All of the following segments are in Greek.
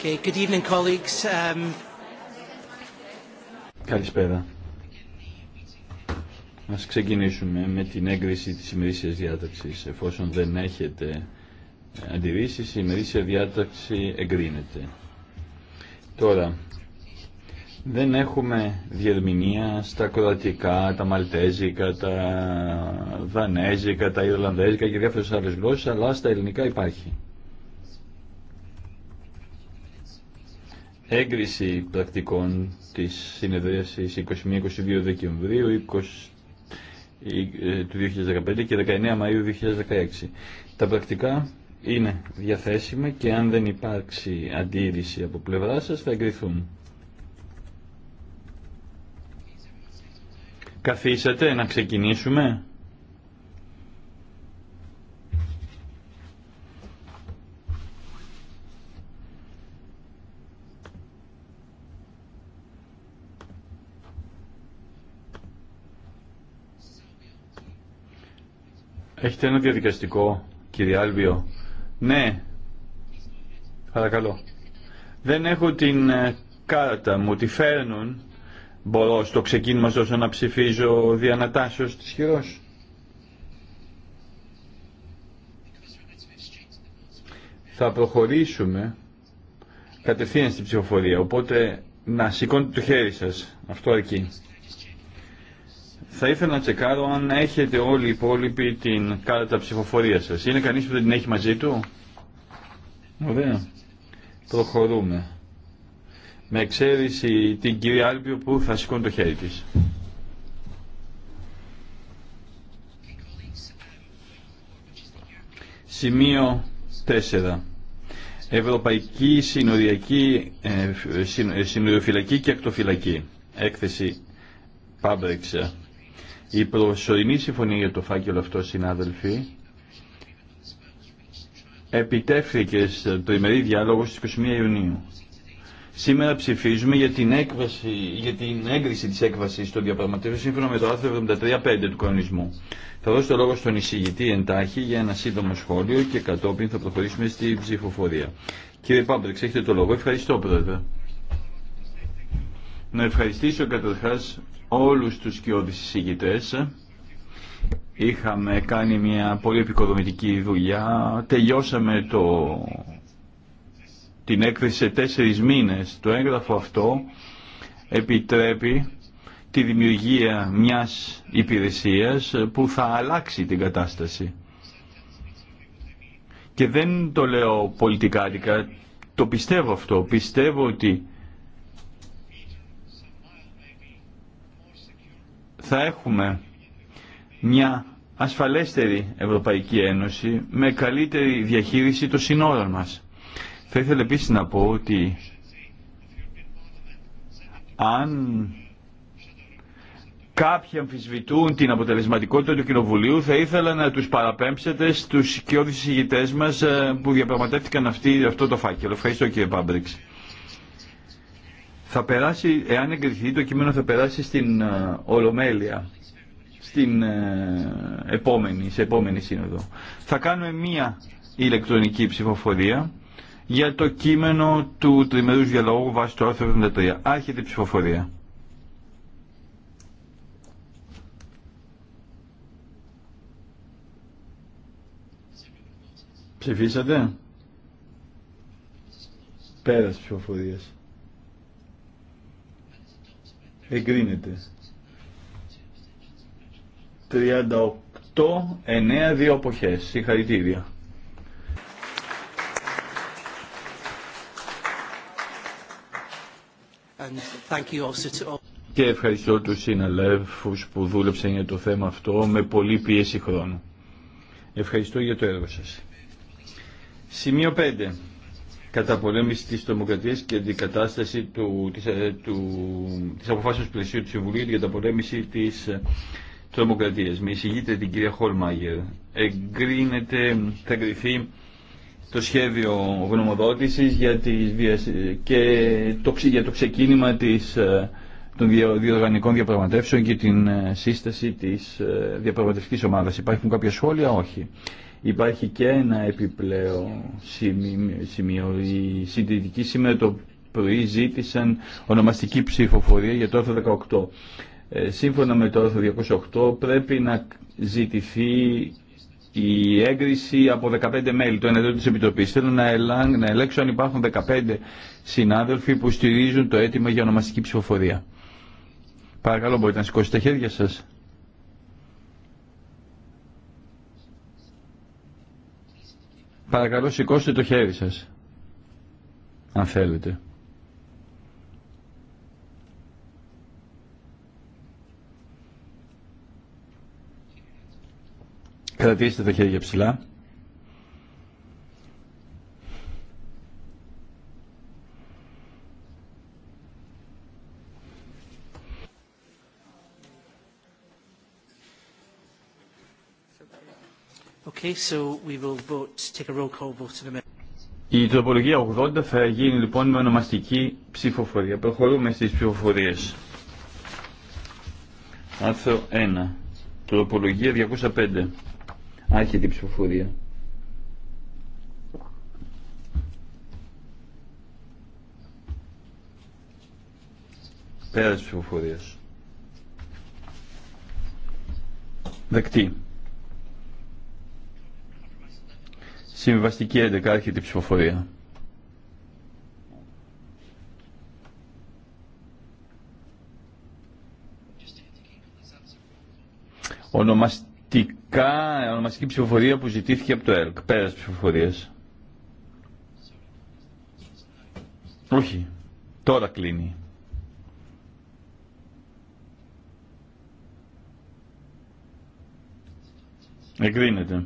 Okay, good evening, colleagues. Um, Καλησπέρα. Ας ξεκινήσουμε με την έγκριση της ημερήσιας διάταξης. Εφόσον δεν έχετε ε, αντιρρήσεις, η ημερήσια διάταξη εγκρίνεται. Τώρα, δεν έχουμε διερμηνία στα κροατικά, τα μαλτέζικα, τα δανέζικα, τα ιρλανδέζικα και διάφορες άλλες γλώσσες, αλλά στα ελληνικά υπάρχει. έγκριση πρακτικών της συνεδρίασης 21-22 Δεκεμβρίου 20, ε, του 2015 και 19 Μαΐου 2016. Τα πρακτικά είναι διαθέσιμα και αν δεν υπάρξει αντίρρηση από πλευρά σας θα εγκριθούν. Καθίσατε να ξεκινήσουμε. Έχετε ένα διαδικαστικό, κύριε Άλβιο. Ναι, παρακαλώ. Δεν έχω την ε, κάρτα μου, τη φέρνουν. Μπορώ στο ξεκίνημα τόσο να ψηφίζω διανατάσεως της χειρός. Θα προχωρήσουμε κατευθείαν στην ψηφοφορία, οπότε να σηκώνετε το χέρι σας. Αυτό αρκεί. Θα ήθελα να τσεκάρω αν έχετε όλοι οι υπόλοιποι την κάρτα ψηφοφορία σα. Είναι κανεί που δεν την έχει μαζί του. Ωραία. Προχωρούμε. Με εξαίρεση την κυρία Άλπιο που θα σηκώνει το χέρι της. Σημείο 4. Ευρωπαϊκή συνοριακή, ε, ε, συνοριοφυλακή και ακτοφυλακή. Έκθεση Πάμπρεξα. Η προσωρινή συμφωνία για το φάκελο αυτό, συνάδελφοι, επιτεύχθηκε στο ημερή διάλογο στις 21 Ιουνίου. Σήμερα ψηφίζουμε για την, έκβαση, για την έγκριση της έκβασης των διαπραγματεύσεων σύμφωνα με το άρθρο 73.5 του κανονισμού. Θα δώσω το λόγο στον εισηγητή εντάχει για ένα σύντομο σχόλιο και κατόπιν θα προχωρήσουμε στη ψηφοφορία. Κύριε Πάμπρεξ, έχετε το λόγο. Ευχαριστώ, Πρόεδρε. Να ευχαριστήσω καταρχάς όλους τους κοιόδης συζητητές. Είχαμε κάνει μια πολύ επικοδομητική δουλειά. Τελειώσαμε το... την έκθεση σε τέσσερις μήνες. Το έγγραφο αυτό επιτρέπει τη δημιουργία μιας υπηρεσίας που θα αλλάξει την κατάσταση. Και δεν το λέω πολιτικά, το πιστεύω αυτό. Πιστεύω ότι θα έχουμε μια ασφαλέστερη Ευρωπαϊκή Ένωση με καλύτερη διαχείριση των συνόρων μας. Θα ήθελα επίσης να πω ότι αν κάποιοι αμφισβητούν την αποτελεσματικότητα του Κοινοβουλίου, θα ήθελα να τους παραπέμψετε στους και ηγητές μας ε, που διαπραγματεύτηκαν αυτοί, αυτό το φάκελο. Ευχαριστώ κύριε Πάμπριξ θα περάσει, εάν εγκριθεί το κείμενο θα περάσει στην ε, Ολομέλεια, στην ε, επόμενη, σε επόμενη σύνοδο. Θα κάνουμε μία ηλεκτρονική ψηφοφορία για το κείμενο του τριμερούς διαλόγου βάσει του άρθρου 73. Άρχεται η ψηφοφορία. Ψηφίσατε. Πέρας ψηφοφορίας εγκρίνεται. 38, 9, δύο εποχές. Συγχαρητήρια. Και ευχαριστώ τους συναλλεύους που δούλεψαν για το θέμα αυτό με πολύ πίεση χρόνου. Ευχαριστώ για το έργο σας. Σημείο 5 καταπολέμηση της τρομοκρατίας και αντικατάσταση του, της, ε, του, της αποφάσεως πλαισίου του Συμβουλίου για καταπολέμηση της τρομοκρατίας. Με εισηγείται την κυρία Χολμάγερ. Εγκρίνεται, θα εγκριθεί το σχέδιο γνωμοδότησης για, τις, και το, για το ξεκίνημα της, ε, των διοργανικών διαπραγματεύσεων και την ε, σύσταση της διαπραγματευτικής ομάδας. Υπάρχουν κάποια σχόλια, όχι. Υπάρχει και ένα επιπλέον σημείο. Οι συντηρητικοί σήμερα το πρωί ζήτησαν ονομαστική ψηφοφορία για το άρθρο 18. Ε, σύμφωνα με το άρθρο 208 πρέπει να ζητηθεί η έγκριση από 15 μέλη, το ενεργών της Επιτροπής. Θέλω να, ελά... να ελέγξω αν υπάρχουν 15 συνάδελφοι που στηρίζουν το αίτημα για ονομαστική ψηφοφορία. Παρακαλώ μπορείτε να σηκώσετε τα χέρια σας. Παρακαλώ σηκώστε το χέρι σας, αν θέλετε. Κρατήστε τα χέρια ψηλά. η τροπολογία 80 θα γίνει λοιπόν με ονομαστική ψηφοφορία. Προχωρούμε στις ψηφοφορίες. Άρθρο 1. Τροπολογία 205. Άρχεται η ψηφοφορία. Πέρα της Δεκτή. Συμβαστική 11 ψηφοφορία. Ονομαστικά, ονομαστική ψηφοφορία που ζητήθηκε από το ΕΛΚ. Πέρας ψηφοφορίας. Όχι. Τώρα κλείνει. Εγκρίνεται.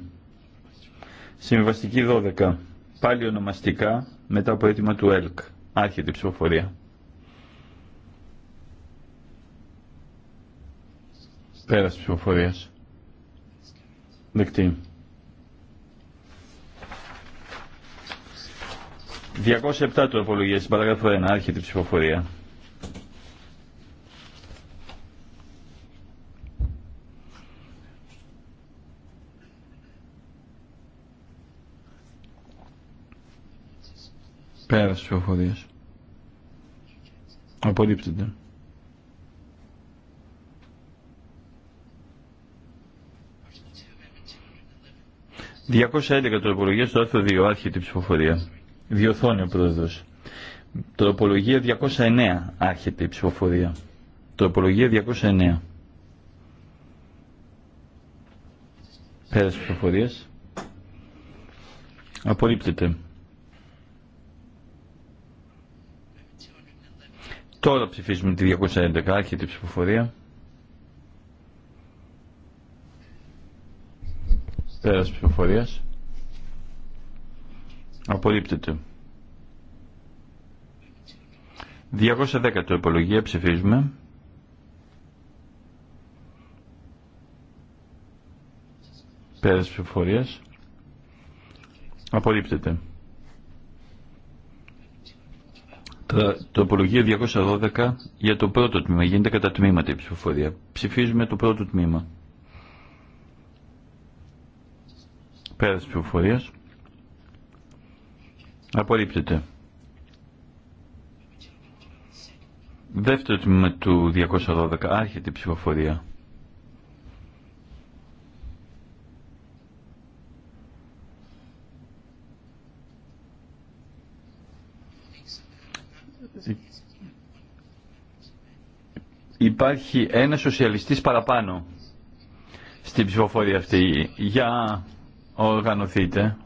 Συμβαστική 12. Πάλι ονομαστικά μετά από έτοιμα του ΕΛΚ. Άρχεται η ψηφοφορία. Πέρας ψηφοφορίας. Δεκτή. 207 του απολογίας, παράγραφο 1, άρχεται η ψηφοφορία. πέρας της Απορρίπτεται. Διακόσια τροπολογία στο άρθρο 2, άρχεται η ψηφοφορία. Διορθώνει ο πρόεδρος. Τροπολογία 209, άρχεται η ψηφοφορία. Τροπολογία 209. Πέρας ψηφοφορία. Απορρίπτεται. Τώρα ψηφίζουμε τη 211 και τη ψηφοφορία. Πέρας ψηφοφορίας. Απορρίπτεται. 210 το υπολογία ψηφίζουμε. Πέρας ψηφοφορίας. Απορρίπτεται. Το τοπολογία 212 για το πρώτο τμήμα. Γίνεται κατά τμήματα η ψηφοφορία. Ψηφίζουμε το πρώτο τμήμα. Πέρα ψηφοφορία. ψηφοφορίας. Απορρίπτεται. Δεύτερο τμήμα του 212. Άρχεται η ψηφοφορία. υπάρχει ένας σοσιαλιστής παραπάνω στην ψηφοφορία αυτή. Για οργανωθείτε.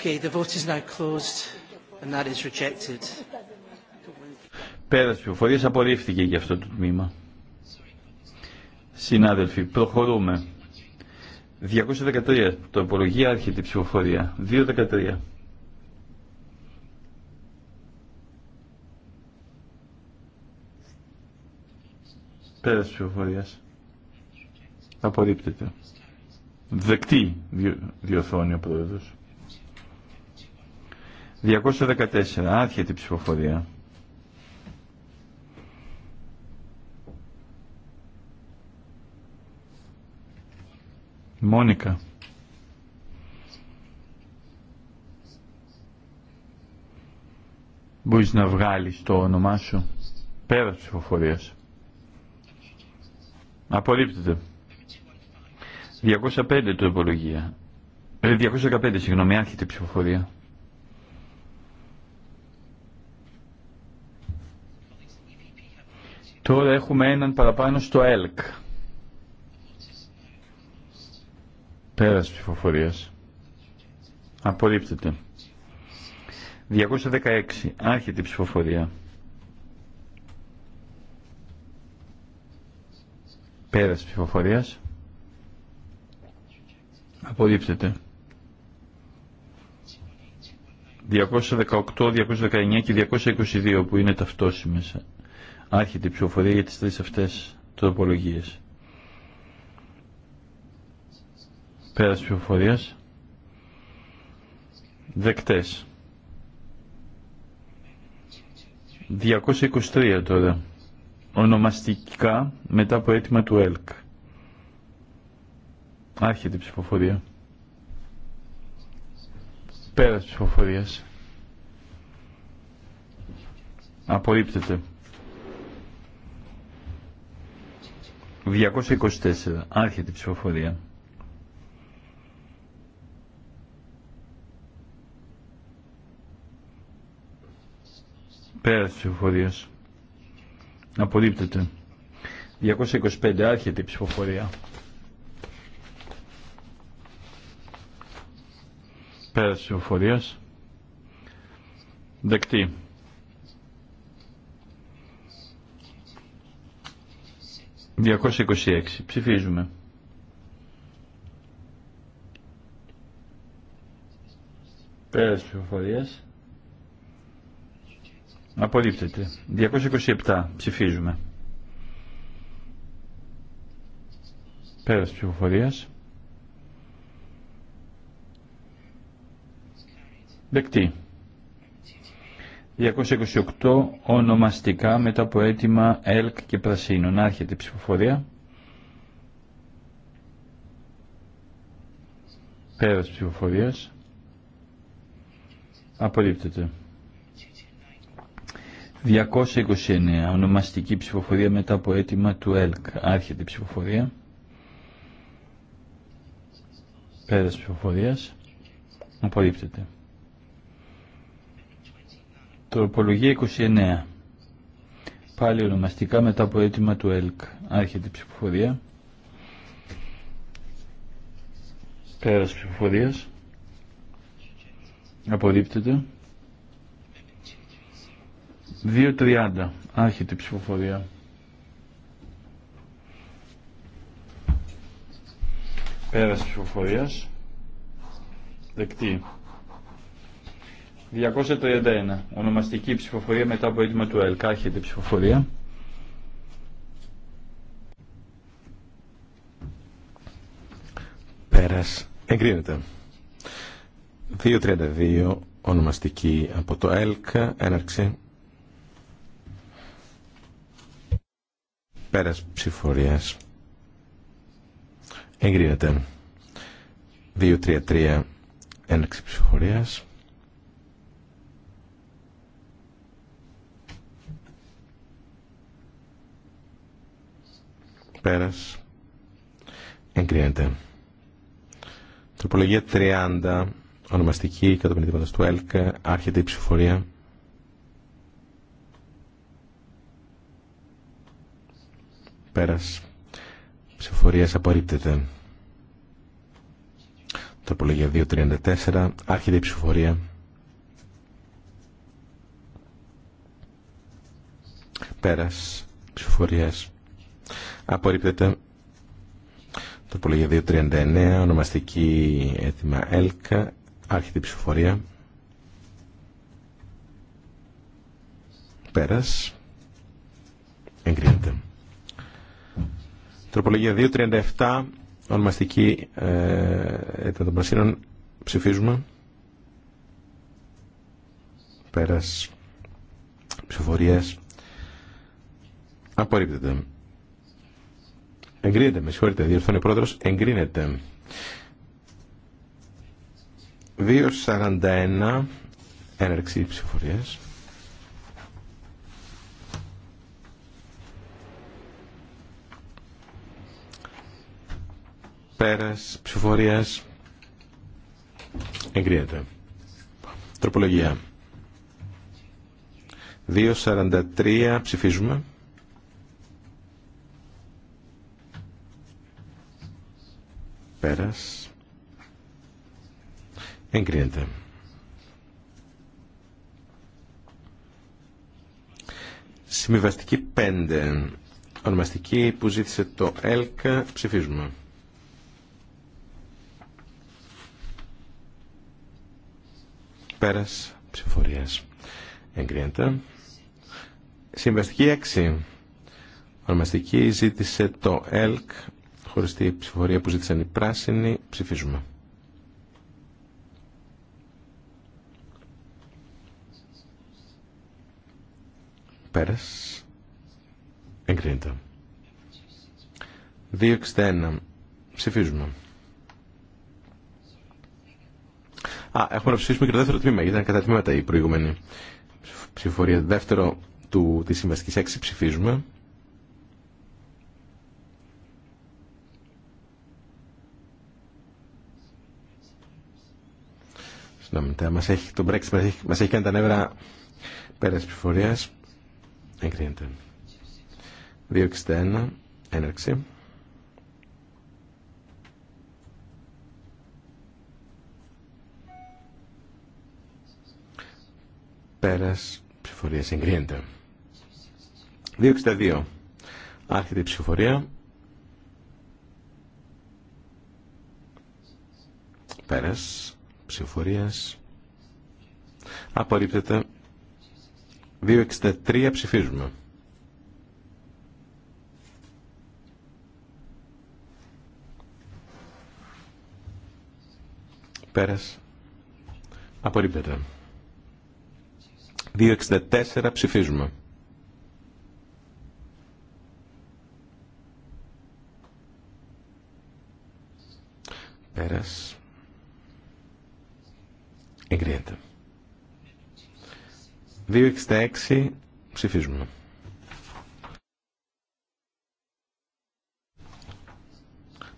Okay, the vote is now closed and that is rejected. απορρίφθηκε για αυτό το τμήμα. Συνάδελφοι, προχωρούμε. 213. Τοπολογία άρχεται η ψηφοφορία. 213. Πέρας ψηφοφορίας. Απορρίπτεται. Δεκτή διορθώνει ο πρόεδρος. 214. Άρχεται η ψηφοφορία. Μόνικα. Μπορείς να βγάλεις το όνομά σου πέρα της ψηφοφορίας. Απορρίπτεται. 205 το Ε, 215, συγγνώμη, άρχεται η ψηφοφορία. Τώρα έχουμε έναν παραπάνω στο ΕΛΚ. Πέρας ψηφοφορίας. Απορρίπτεται. 216. Άρχεται η ψηφοφορία. Πέρας ψηφοφορίας. Απορρίπτεται. 218, 219 και 222 που είναι ταυτόσιμες. Άρχεται η ψηφοφορία για τις τρεις αυτές τροπολογίες. Πέρας ψηφοφορίας. Δεκτές. 223 τώρα. Ονομαστικά μετά από έτοιμα του ΕΛΚ. Άρχεται η ψηφοφορία. Πέρας ψηφοφορίας. Απορρίπτεται. 224. Άρχεται η ψηφοφορία. Πέρα τη Απορρίπτεται. 225. Άρχεται η ψηφοφορία. Πέρα της Δεκτή. 226. Ψηφίζουμε. Πέρα τη Απορρίπτεται. 227. Ψηφίζουμε. Πέρας ψηφοφορίας. Δεκτή. 228 ονομαστικά μετά από αίτημα ΕΛΚ και Πρασίνων. Άρχεται η ψηφοφορία. Πέρας ψηφοφορίας. Απορρίπτεται. 229. Ονομαστική ψηφοφορία μετά από αίτημα του ΕΛΚ. Άρχεται η ψηφοφορία. Πέρας ψηφοφορίας. Απορρίπτεται. Τροπολογία 29. Πάλι ονομαστικά μετά από αίτημα του ΕΛΚ. Άρχεται η ψηφοφορία. Πέρας ψηφοφορίας. Απορρίπτεται. 2.30 άρχεται η ψηφοφορία. Πέρας ψηφοφορία Δεκτή. 231. Ονομαστική ψηφοφορία μετά από αίτημα του ΕΛΚ. Άρχεται η ψηφοφορία. Πέρας. Εγκρίνεται. 2.32. Ονομαστική από το ΕΛΚ. Έναρξη. Πέρας ψηφορίας. Εγκρίνεται. 2-3-3 3 εναξη ψηφορίας. Πέρας. Εγκρίνεται. Τροπολογία 30. Ονομαστική κατά του ΕΛΚ. Άρχεται η ψηφορία. Πέρας ψηφοφορίας απορρίπτεται. Τροπολογία 234. Άρχεται η ψηφοφορία. Πέρας ψηφοφορίας απορρίπτεται. Τροπολογία 239. Ονομαστική έτοιμα ΕΛΚΑ. Άρχεται η ψηφοφορία. Πέρας εγκρίνεται. Τροπολογία 2.37, ονομαστική ε, των Πρασίνων. Ψηφίζουμε. Πέρας ψηφοφορίας. Απορρίπτεται. Εγκρίνεται, με συγχωρείτε, διορθώνει ο πρόεδρος. Εγκρίνεται. 2.41, έναρξη ψηφοφορίας. Πέρας ψηφοφορίας εγκρίνεται. Τροπολογία. 2.43 ψηφίζουμε. Πέρας. Εγκρίνεται. Συμβιβαστική 5. Ονομαστική που ζήτησε το ΕΛΚΑ. Ψηφίζουμε. Πέρας ψηφορίας. Εγκρίνεται. Συμβαστική 6. Ονομαστική ζήτησε το ΕΛΚ. Χωριστή ψηφορία που ζήτησαν οι πράσινοι. Ψηφίζουμε. Πέρας. Εγκρίνεται. 261. Ψηφίζουμε. Α, έχουμε να ψηφίσουμε και το δεύτερο τμήμα, γιατί ήταν κατά τμήματα η προηγούμενη ψηφορία. Δεύτερο του, της συμβαστικής έξι ψηφίζουμε. Συγγνώμη, μας έχει, το Brexit μας έχει, μας έχει κάνει τα νεύρα πέρα της ψηφορίας. Εγκρίνεται. 2.61, έναρξη. Πέρας ψηφορία εγκρίνεται. 262. Άρχεται η ψηφορία. Πέρας ψηφορίας. Απορρίπτεται. 263 ψηφίζουμε. Πέρας. Απορρίπτεται. 264 ψηφίζουμε. Πέρας. Εγκρίνεται. 266 ψηφίζουμε.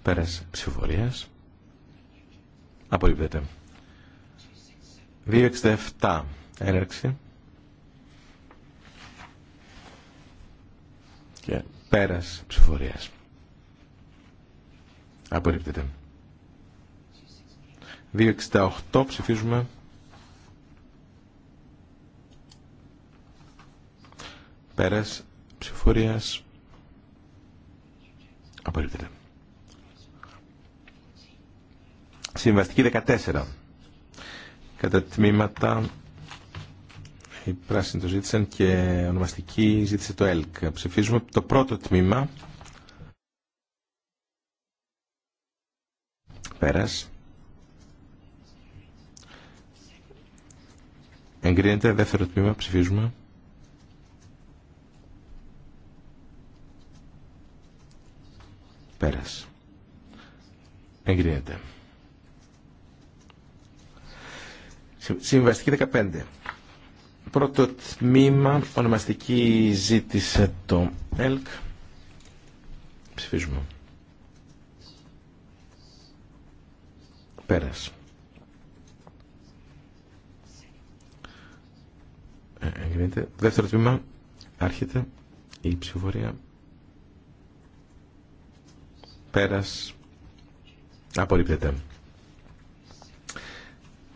Πέρας ψηφοφορίας. Απορρίπτεται. 267 έναρξη. και πέρας ψηφορίας. Απορρίπτεται. 268 ψηφίζουμε. Πέρας ψηφορίας. Απορρίπτεται. Συμβαστική 14. Κατά τμήματα οι πράσινοι το ζήτησαν και ονομαστική ζήτησε το ΕΛΚ. Ψηφίζουμε το πρώτο τμήμα. Πέρας. Εγκρίνεται δεύτερο τμήμα. Ψηφίζουμε. Πέρας. Εγκρίνεται. Συμβαστική 15. Πρώτο τμήμα, ονομαστική ζήτησε το ΕΛΚ. Ψηφίζουμε. Πέρας. Ε, εγκρίνεται. Δεύτερο τμήμα, άρχεται η ψηφοφορία. Πέρας. Απορρίπτεται.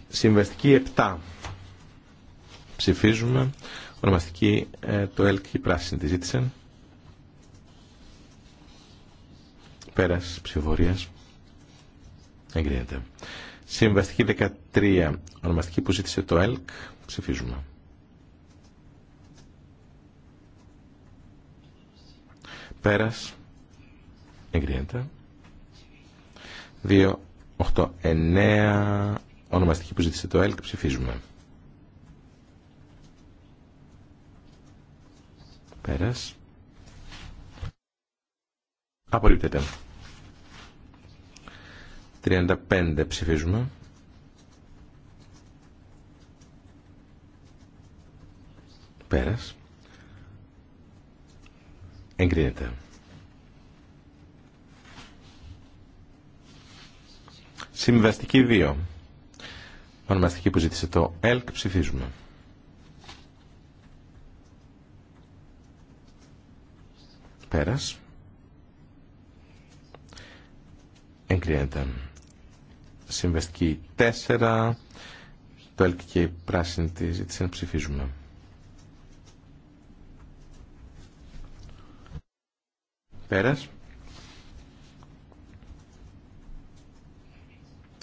Συμβαστική 7. Ψηφίζουμε. Ονομαστική ε, το ΕΛΚ η πράσινη τη ζήτησε Πέρας ψηφοφορίας. Εγκρίνεται. Συμβαστική 13. Ονομαστική που ζήτησε το ΕΛΚ. Ψηφίζουμε. Πέρας. Εγκρίνεται. 2, 8, 9. Ονομαστική που ζήτησε το ΕΛΚ. Ψηφίζουμε. Πέρας. Απολύπτεται. 35 ψηφίζουμε. Πέρας. Εγκρίνεται. Συμβαστική 2. Ονομαστική που ζήτησε το ΕΛΚ ψηφίζουμε. Πέρας. Εγκρίνεται. Συμβαστική 4. Το έλκη και η πράσινη τη ζήτηση να ψηφίζουμε. Πέρας.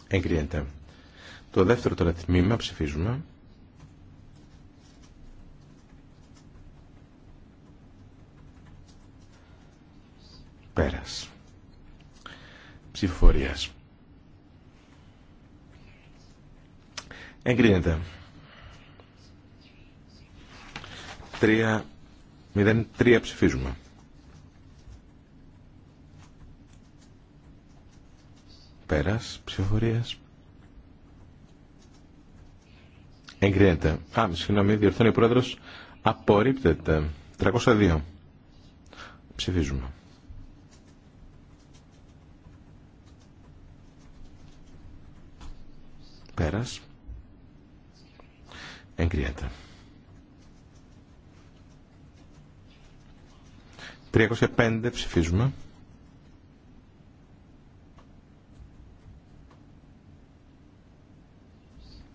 Εγκρίνεται. Το δεύτερο τώρα τμήμα ψηφίζουμε. Πέρας. Ψηφοφορίας. Εγκρίνεται. 3, 0, 3 ψηφίζουμε. Πέρας ψηφοφορίας. Εγκρίνεται. Α, συγγνώμη, διορθώνει ο πρόεδρος. Απορρίπτεται. 302. Ψηφίζουμε. Πέρας. εγκριέται. 305 ψηφίζουμε.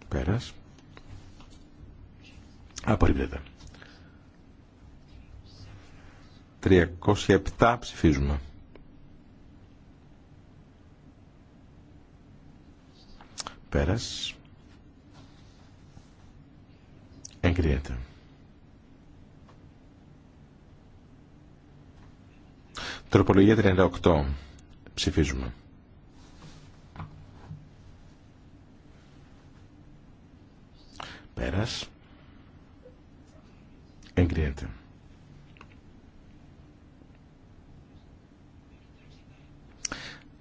Πέρας. Απορρίπτεται. 307 ψηφίζουμε. Πέρας. Εγκρίνεται. Τροπολογία 38. Ψηφίζουμε. Πέρας. Εγκρίνεται.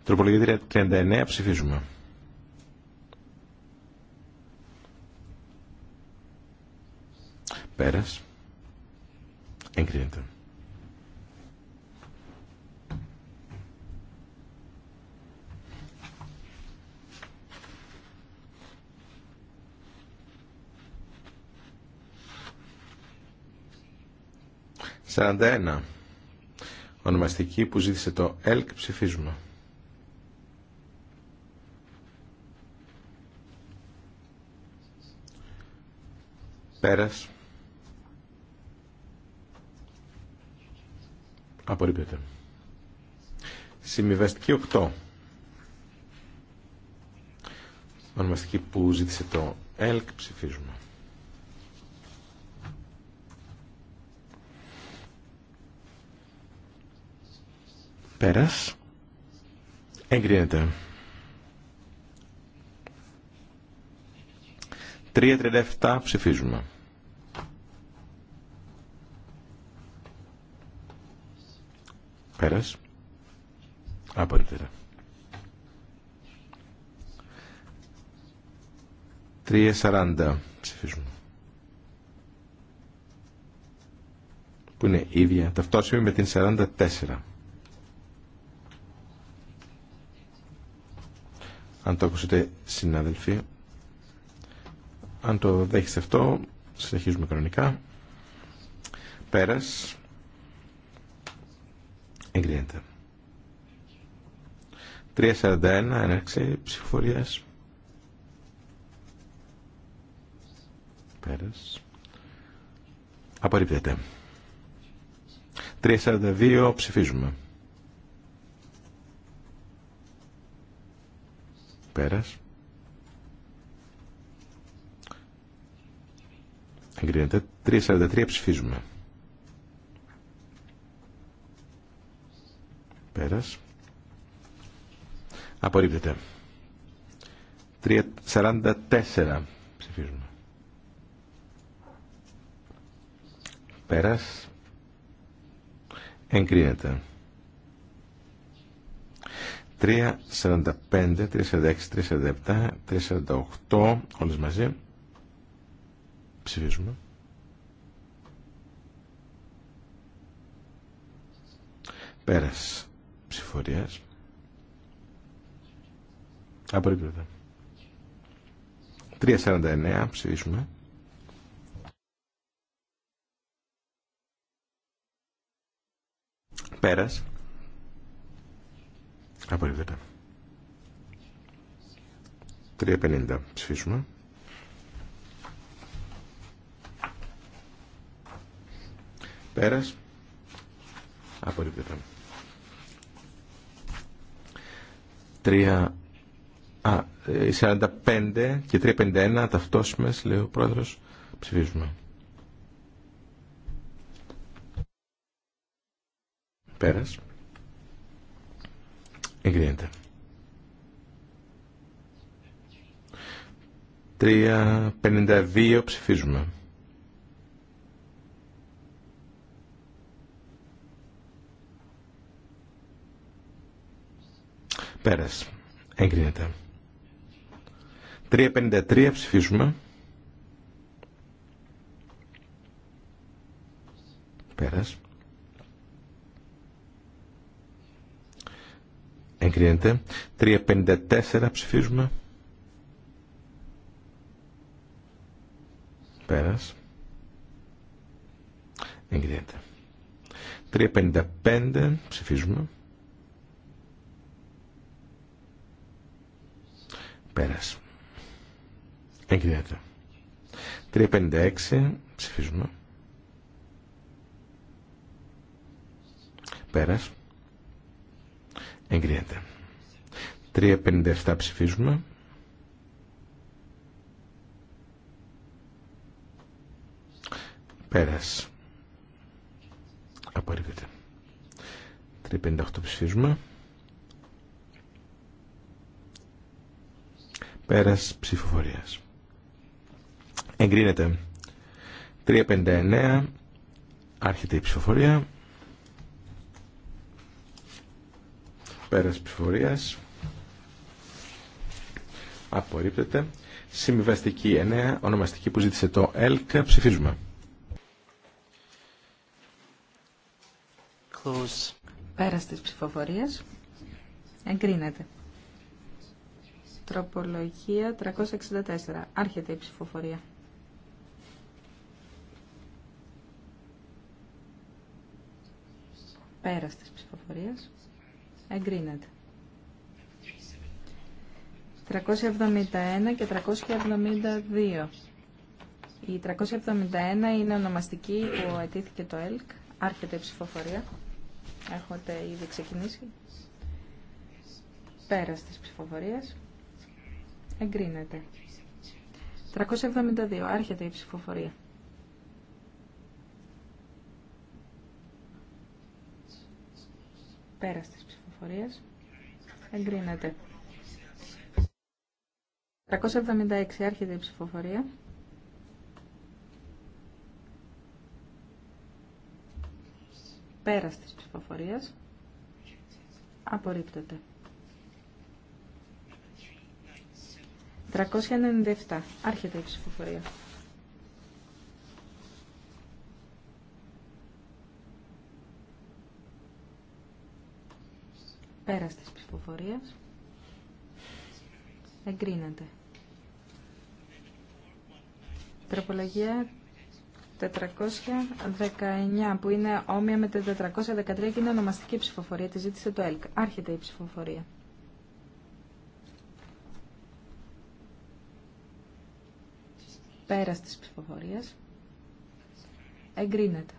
Τροπολογία 39. Ψηφίζουμε. Πέρας. Εγκρίνεται. Σαράντα ένα. Ονομαστική που ζήτησε το ΕΛΚ ψηφίζουμε. Πέρας. Απορρίπτεται. Συμβιβαστική 8. Ονομαστική που ζήτησε το ΕΛΚ ψηφίζουμε. Πέρας. Εγκρίνεται. 3.37 ψηφίζουμε. Πέρας. Τρία 3.40 ψηφίζουμε. Που είναι ίδια, ταυτόσιμη με την 44. Αν το ακούσετε συνάδελφοι, αν το δέχεστε αυτό, συνεχίζουμε κανονικά. Πέρας. Εγκρίνεται. 341 έναρξη ψηφοφορίας. Πέρας. Απορρίπτεται. 342 ψηφίζουμε. Πέρας. Εγκρίνεται. 343 ψηφίζουμε. Πέρας. Απορρίπτεται. 44 ψηφίζουμε. Πέρας. Εγκρίνεται. 3.45, 3.46, 3.47, 3.48, όλες μαζί. Ψηφίζουμε. Πέρασε ψηφορίας. Απορρίπτεται. 3.49 ψηφίσουμε. Πέρας. Απορρίπτεται. 3.50 ψηφίσουμε. Πέρας. Απορρίπτεται. 3, 45 και 351 ταυτόσιμες, λέει ο πρόεδρος, ψηφίζουμε. Πέρας. Εγκρίνεται. 352 ψηφίζουμε. Πέρας. Εγκρίνεται. 353 ψηφίζουμε. Πέρας. Εγκρίνεται. 354 ψηφίζουμε. Πέρας. Εγκρίνεται. 355 ψηφίζουμε. Πέρας. Εγκρίνεται. 356. Ψηφίζουμε. Πέρας. Εγκρίνεται. 357 ψηφίζουμε. Πέρας. Απορρίπτεται. 358 ψηφίζουμε. Πέρας ψηφοφορίας. Εγκρίνεται. 359. Άρχεται η ψηφοφορία. Πέρας ψηφοφορίας. Απορρίπτεται. Συμβιβαστική 9. Ονομαστική που ζήτησε το ΕΛΚ. Ψηφίζουμε. Close. Πέρας της ψηφοφορίας. Εγκρίνεται. Τροπολογία 364. Άρχεται η ψηφοφορία. Πέρας της ψηφοφορίας. Εγκρίνεται. 371 και 372. Η 371 είναι ονομαστική που αιτήθηκε το ΕΛΚ. Άρχεται η ψηφοφορία. Έχετε ήδη ξεκινήσει. Πέρας της ψηφοφορίας. Εγκρίνεται. 372. Άρχεται η ψηφοφορία. Πέρας της ψηφοφορίας. Εγκρίνεται. 376. Άρχεται η ψηφοφορία. Πέρας της ψηφοφορίας. Απορρίπτεται. 397. Άρχεται η ψηφοφορία. Πέρας της ψηφοφορίας. Εγκρίνεται. Τροπολογία 419 που είναι όμοια με το 413 και είναι ονομαστική ψηφοφορία. Τη ζήτησε το ΕΛΚ. Άρχεται η ψηφοφορία. Πέρας της ψηφοφορίας. Εγκρίνεται.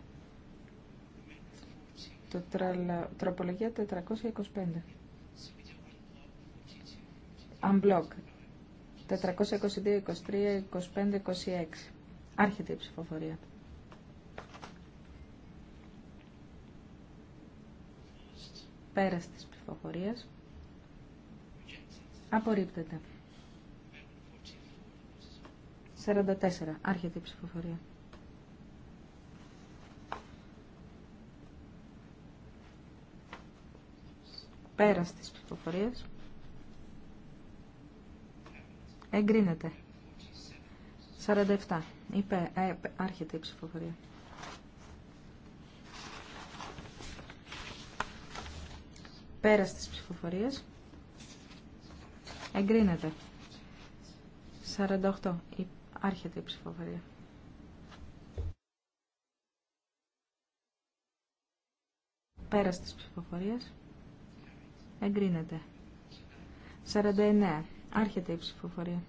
Το τροπολογία 425. Unblock. 422, 23, 25, 26. Άρχεται η ψηφοφορία. Πέρας της ψηφοφορίας. Απορρίπτεται. 44. Άρχεται η ψηφοφορία. Πέρας της ψηφοφορίας. Εγκρίνεται. 47. Είπε, ε, άρχεται η ψηφοφορία. Πέρας της ψηφοφορίας. Εγκρίνεται. 48. Είπε. Άρχεται η ψηφοφορία. Πέρας της ψηφοφορίας. Εγκρίνεται. 49. Άρχεται η ψηφοφορία.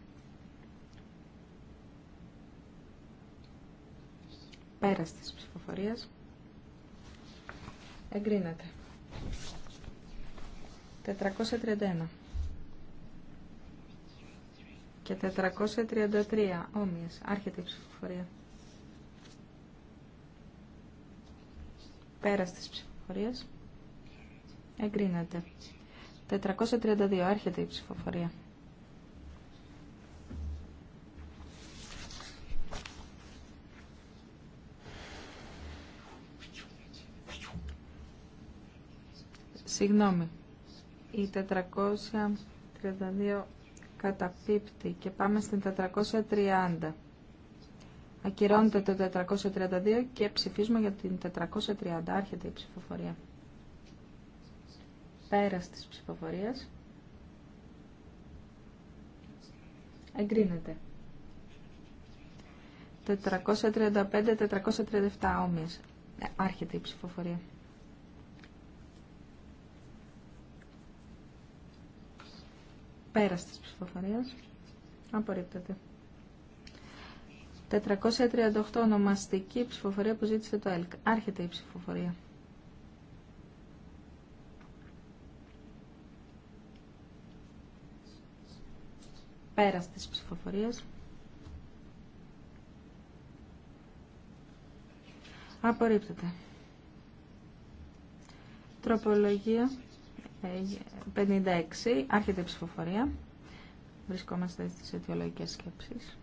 Πέρας της ψηφοφορίας. Εγκρίνεται. 431 και 433 όμοιες. Άρχεται η ψηφοφορία. Πέρας της ψηφοφορίας. Εγκρίνεται. 432. Άρχεται η ψηφοφορία. Συγγνώμη. Η 432 καταπίπτει και πάμε στην 430. Ακυρώνεται το 432 και ψηφίζουμε για την 430. Άρχεται η ψηφοφορία. Πέρας της ψηφοφορίας. Εγκρίνεται. 435-437 όμοιες. Ε, άρχεται η ψηφοφορία. Πέρας της ψηφοφορίας. Απορρίπτεται. 438 ονομαστική ψηφοφορία που ζήτησε το ΕΛΚ. Άρχεται η ψηφοφορία. Πέρας της ψηφοφορίας. Απορρίπτεται. Τροπολογία 56. Ε, άρχεται η ψηφοφορία. Βρισκόμαστε στις αιτιολογικές σκέψεις.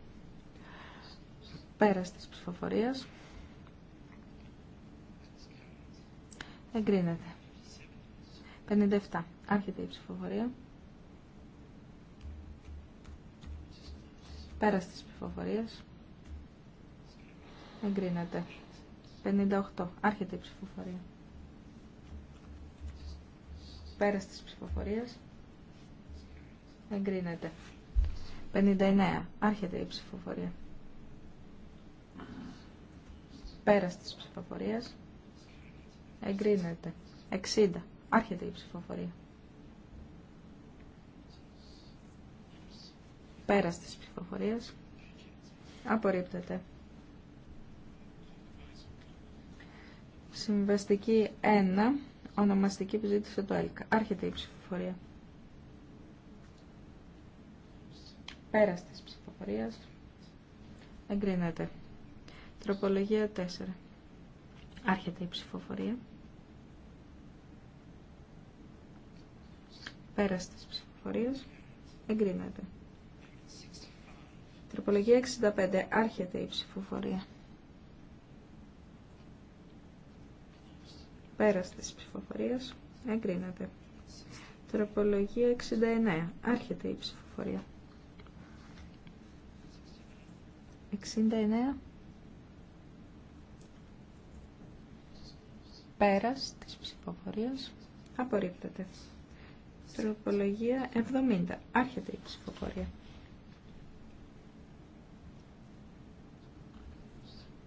Πέρας της ψηφοφορίας. Εγκρίνεται. 57. Άρχεται η ψηφοφορία. Πέρας της ψηφοφορίας. Εγκρίνεται. 58. Άρχεται η ψηφοφορία. Πέρας τη ψηφοφορία. Εγκρίνεται. 59. Άρχεται η ψηφοφορία. Πέρας της ψηφοφορίας. Εγκρίνεται. 60. Άρχεται η ψηφοφορία. Πέρας τη ψηφοφορία. Απορρίπτεται. Συμβαστική 1 ονομαστική που ζήτησε το ΕΛΚΑ. Άρχεται η ψηφοφορία. Πέρας της ψηφοφορίας. Εγκρίνεται. Τροπολογία 4. Άρχεται η ψηφοφορία. Πέρας της ψηφοφορίας. Εγκρίνεται. Τροπολογία 65. Άρχεται η ψηφοφορία. Πέρας της ψηφοφορίας εγκρίνεται. Τροπολογία 69. Άρχεται η ψηφοφορία. 69. Πέρας της ψηφοφορίας απορρίπτεται. Τροπολογία 70. Άρχεται η ψηφοφορία.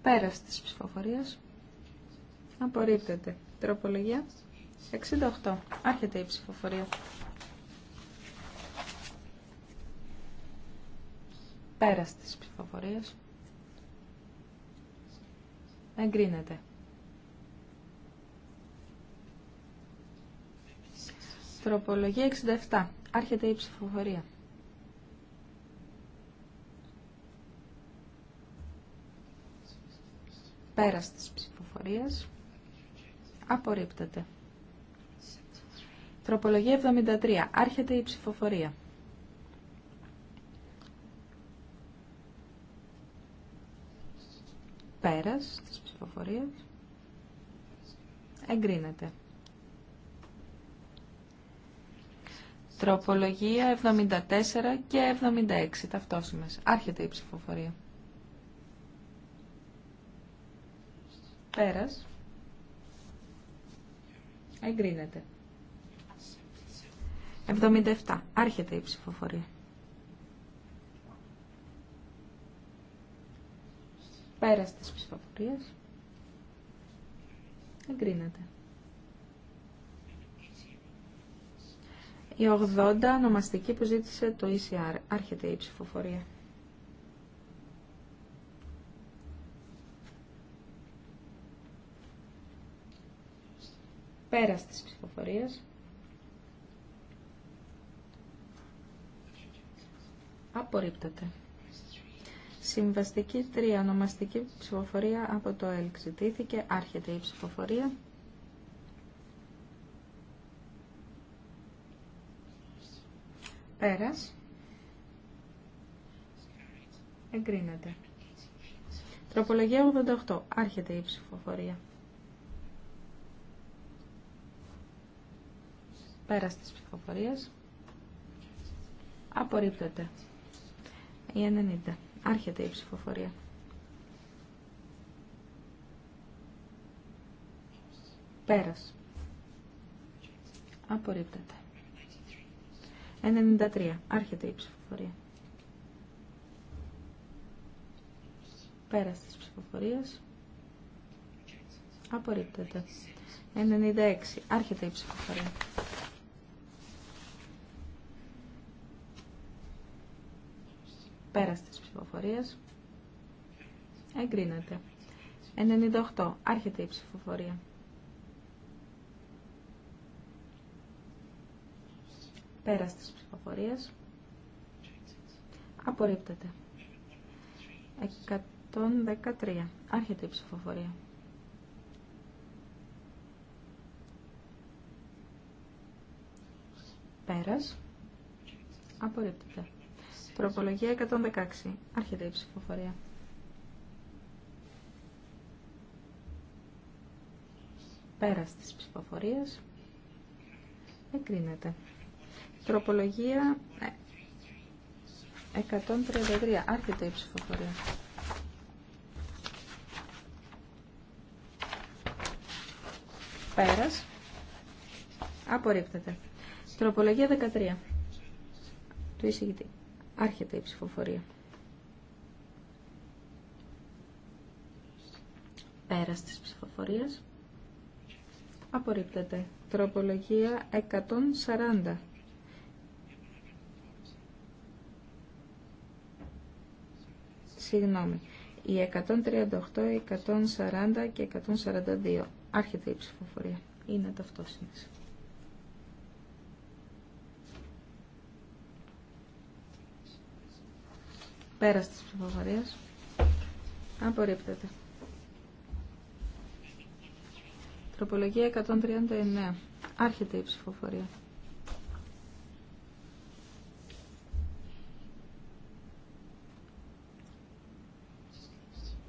Πέρας της ψηφοφορίας Απορρίπτεται. Τροπολογία 68. Άρχεται η ψηφοφορία. Πέρας της ψηφοφορίας. Εγκρίνεται. Τροπολογία 67. Άρχεται η ψηφοφορία. Πέρας της ψηφοφορίας. Απορρίπτεται. Τροπολογία 73. Άρχεται η ψηφοφορία. Πέρας της ψηφοφορίας. Εγκρίνεται. Τροπολογία 74 και 76 Ταυτόσημες. Άρχεται η ψηφοφορία. Πέρας. Εγκρίνεται. 77. Άρχεται η ψηφοφορία. Πέρας τη ψηφοφορία. Εγκρίνεται. Η 80 ονομαστική που ζήτησε το ECR. Άρχεται η ψηφοφορία. Πέρας της ψηφοφορίας. Απορρίπτεται. Συμβαστική 3. Ονομαστική ψηφοφορία από το ΕΛΚ. Ζητήθηκε. Άρχεται η ψηφοφορία. Πέρας. Εγκρίνεται. Τροπολογία 88. Άρχεται η ψηφοφορία. Πέρας της ψηφοφορίας. Απορρίπτεται. Η 90. Άρχεται η ψηφοφορία. Πέρας. Απορρίπτεται. 93. Άρχεται η ψηφοφορία. Πέρας της ψηφοφορίας. Απορρίπτεται. 96. Άρχεται η ψηφοφορία. Πέρας της ψηφοφορίας. Εγκρίνεται. 98. Άρχεται η ψηφοφορία. Πέρας της ψηφοφορίας. Απορρίπτεται. 113. Άρχεται η ψηφοφορία. Πέρας. Απορρίπτεται. Τροπολογία 116. Άρχεται η ψηφοφορία. Πέρας της ψηφοφορίας. Εγκρίνεται. Τροπολογία 133. Ε, Άρχεται η ψηφοφορία. Πέρας. Απορρίπτεται. Τροπολογία 13. Του εισηγητή. Άρχεται η ψηφοφορία. Πέρας της ψηφοφορίας. Απορρίπτεται. Τροπολογία 140. Συγγνώμη. Η 138, 140 και 142. Άρχεται η ψηφοφορία. Είναι ταυτόσημες. Πέρας της ψηφοφορίας. Απορρίπτεται. Τροπολογία 139. Άρχεται η ψηφοφορία.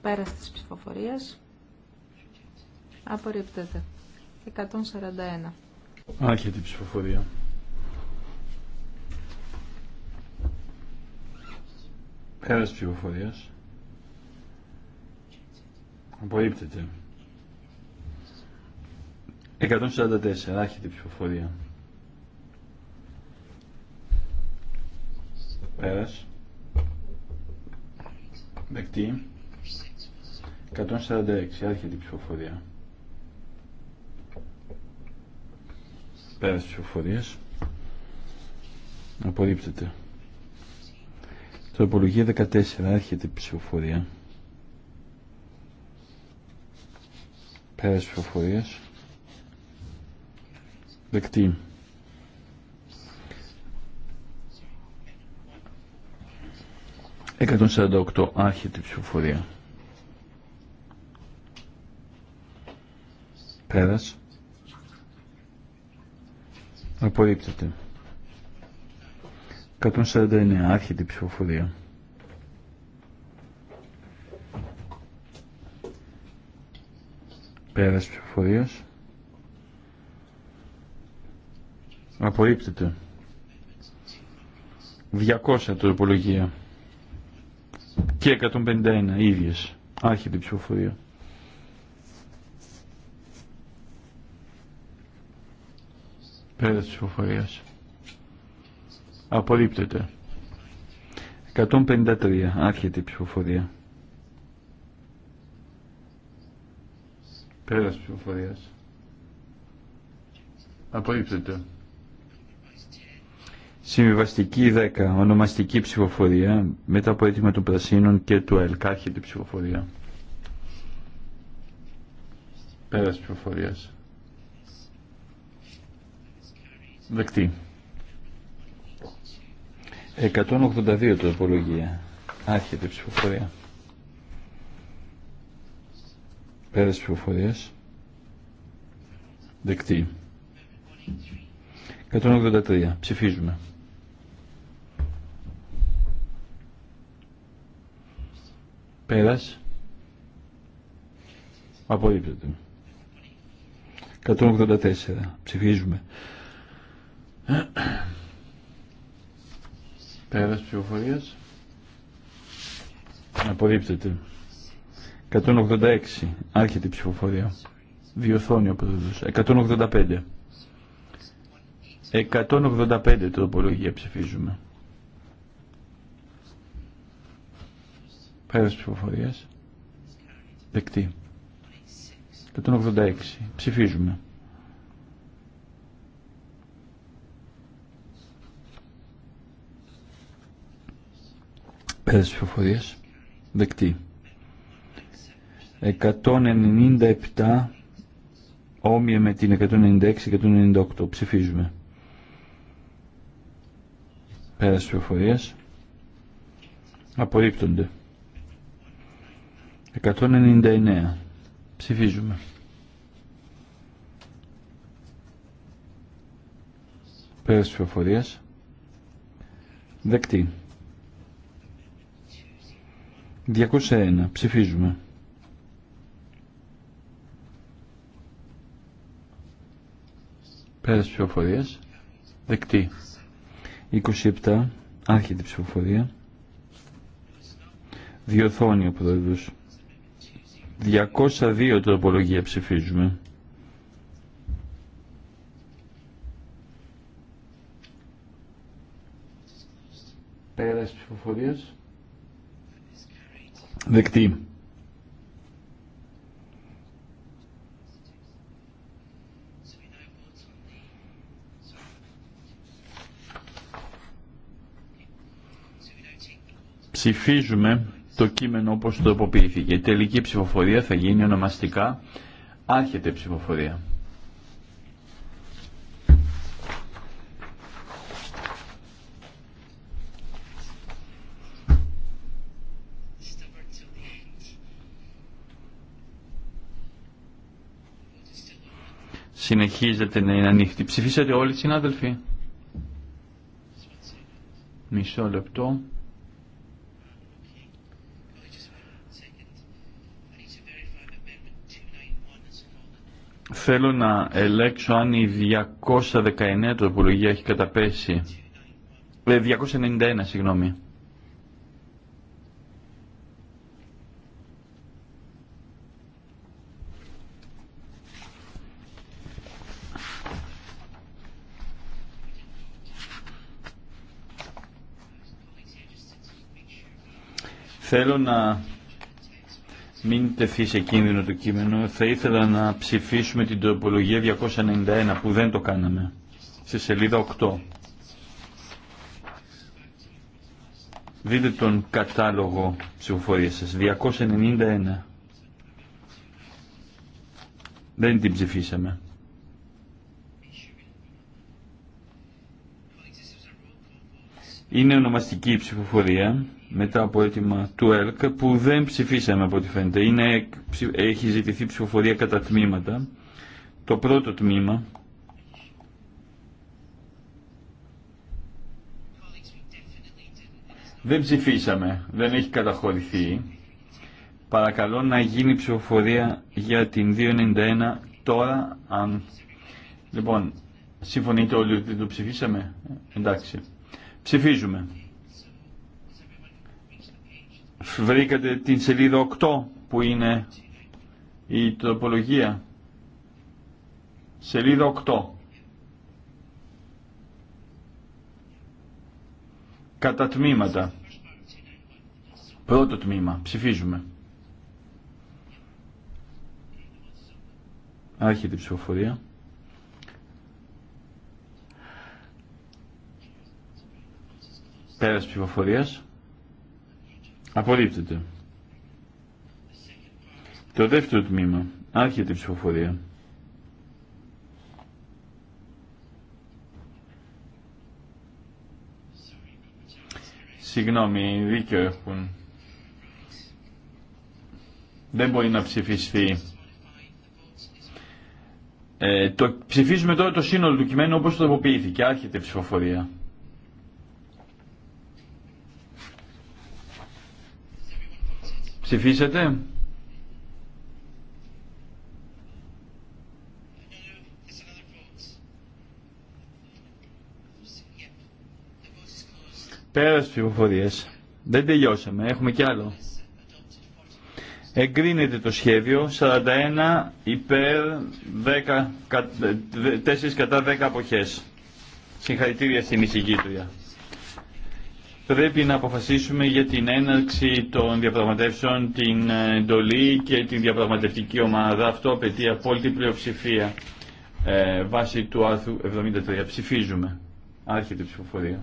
Πέρας της ψηφοφορίας. Απορρίπτεται. 141. Άρχεται η ψηφοφορία. Πέρας ψηφοφορίας. Απορρίπτεται. 144. Άρχεται ψηφοφορία. Πέρας. Δεκτή. 146. Άρχεται η ψηφοφορία. Πέρας ψηφοφορίας. Απορρίπτεται υπολογείο 14. Άρχεται η ψηφοφορία. Πέρας ψηφοφορία. Δεκτή. Εκατόν άρχεται η ψηφοφορία. Πέρας. Απορρίπτεται. 149 Άρχιτη ψηφοφορία. Πέρας ψηφοφορίας. Απορρίπτεται. 200 τροπολογία. Και 151 ίδιες. Άρχιτη ψηφοφορία. Πέρας ψηφοφορίας. Απορρίπτεται. 153. Άρχεται η ψηφοφορία. Πέρας ψηφοφορίας. Απορρίπτεται. Συμβιβαστική 10. Ονομαστική ψηφοφορία μετά από αίτημα των Πρασίνων και του ΑΕΛΚ. Άρχεται η ψηφοφορία. Πέρας ψηφοφορίας. Δεκτή. 182 τροπολογία. Άρχεται η ψηφοφορία. Πέρας ψηφοφορίας. Δεκτή. 183. Ψηφίζουμε. Πέρας. Απορρίπτεται. 184. Ψηφίζουμε. Πέρας ψηφοφορίας. Απορρίπτεται. 186. Άρχεται η ψηφοφορία. Διορθώνει ο 185. 185 τροπολογία ψηφίζουμε. Πέρας ψηφοφορίας. Δεκτή. 186. Ψηφίζουμε. Πέρα ψηφοφορίας. Δεκτή. 197 όμοια με την 196-198. Ψηφίζουμε. Πέρα ψηφοφορίας. Απορρίπτονται. 199. Ψηφίζουμε. Πέρα ψηφοφορίας. Δεκτή. 201. Ψηφίζουμε. Πέρας ψηφοφορίες. Δεκτή. 27. Άρχεται ψηφοφορία. Διορθώνει ο πρόεδρος. 202 τροπολογία ψηφίζουμε. Πέρας ψηφοφορίας δεκτή. Ψηφίζουμε το κείμενο όπως το εποποιήθηκε. Η τελική ψηφοφορία θα γίνει ονομαστικά. Άρχεται ψηφοφορία. συνεχίζεται να είναι ανοιχτή. Ψηφίσατε όλοι οι συνάδελφοι. Μισό λεπτό. Θέλω να ελέξω αν η 219 τροπολογία έχει καταπέσει. 291, ε, συγγνώμη. Θέλω να μην τεθεί σε κίνδυνο το κείμενο. Θα ήθελα να ψηφίσουμε την τροπολογία 291 που δεν το κάναμε. Σε σελίδα 8. Δείτε τον κατάλογο ψηφοφορίας σας. 291. Δεν την ψηφίσαμε. Είναι ονομαστική η ψηφοφορία μετά από έτοιμα του ΕΛΚ που δεν ψηφίσαμε από ό,τι φαίνεται. Είναι, έχει ζητηθεί ψηφοφορία κατά τμήματα. Το πρώτο τμήμα δεν ψηφίσαμε, δεν έχει καταχωρηθεί. Παρακαλώ να γίνει ψηφοφορία για την 291 τώρα. Αν... Λοιπόν, συμφωνείτε όλοι ότι το ψηφίσαμε. Εντάξει. Ψηφίζουμε. Βρήκατε την σελίδα 8 που είναι η τοπολογία. Σελίδα 8. Κατά τμήματα. Πρώτο τμήμα. Ψηφίζουμε. Άρχεται η ψηφοφορία. Πέρας ψηφοφορίας. Απορρίπτεται. Το δεύτερο τμήμα. Άρχεται η ψηφοφορία. Συγγνώμη, δίκιο έχουν. Δεν μπορεί να ψηφιστεί. Ε, το, ψηφίζουμε τώρα το σύνολο του κειμένου όπως το τοποποιήθηκε. Άρχεται η ψηφοφορία. Ψηφίσατε. Πέρα στις Δεν τελειώσαμε. Έχουμε κι άλλο. Εγκρίνεται το σχέδιο. 41 υπέρ 10, 4 κατά 10 αποχές. Συγχαρητήρια στην εισηγήτρια πρέπει να αποφασίσουμε για την έναρξη των διαπραγματεύσεων, την ε, εντολή και την διαπραγματευτική ομάδα. Αυτό απαιτεί απόλυτη πλειοψηφία ε, βάσει του άρθρου 73. Ψηφίζουμε. Άρχεται η ψηφοφορία.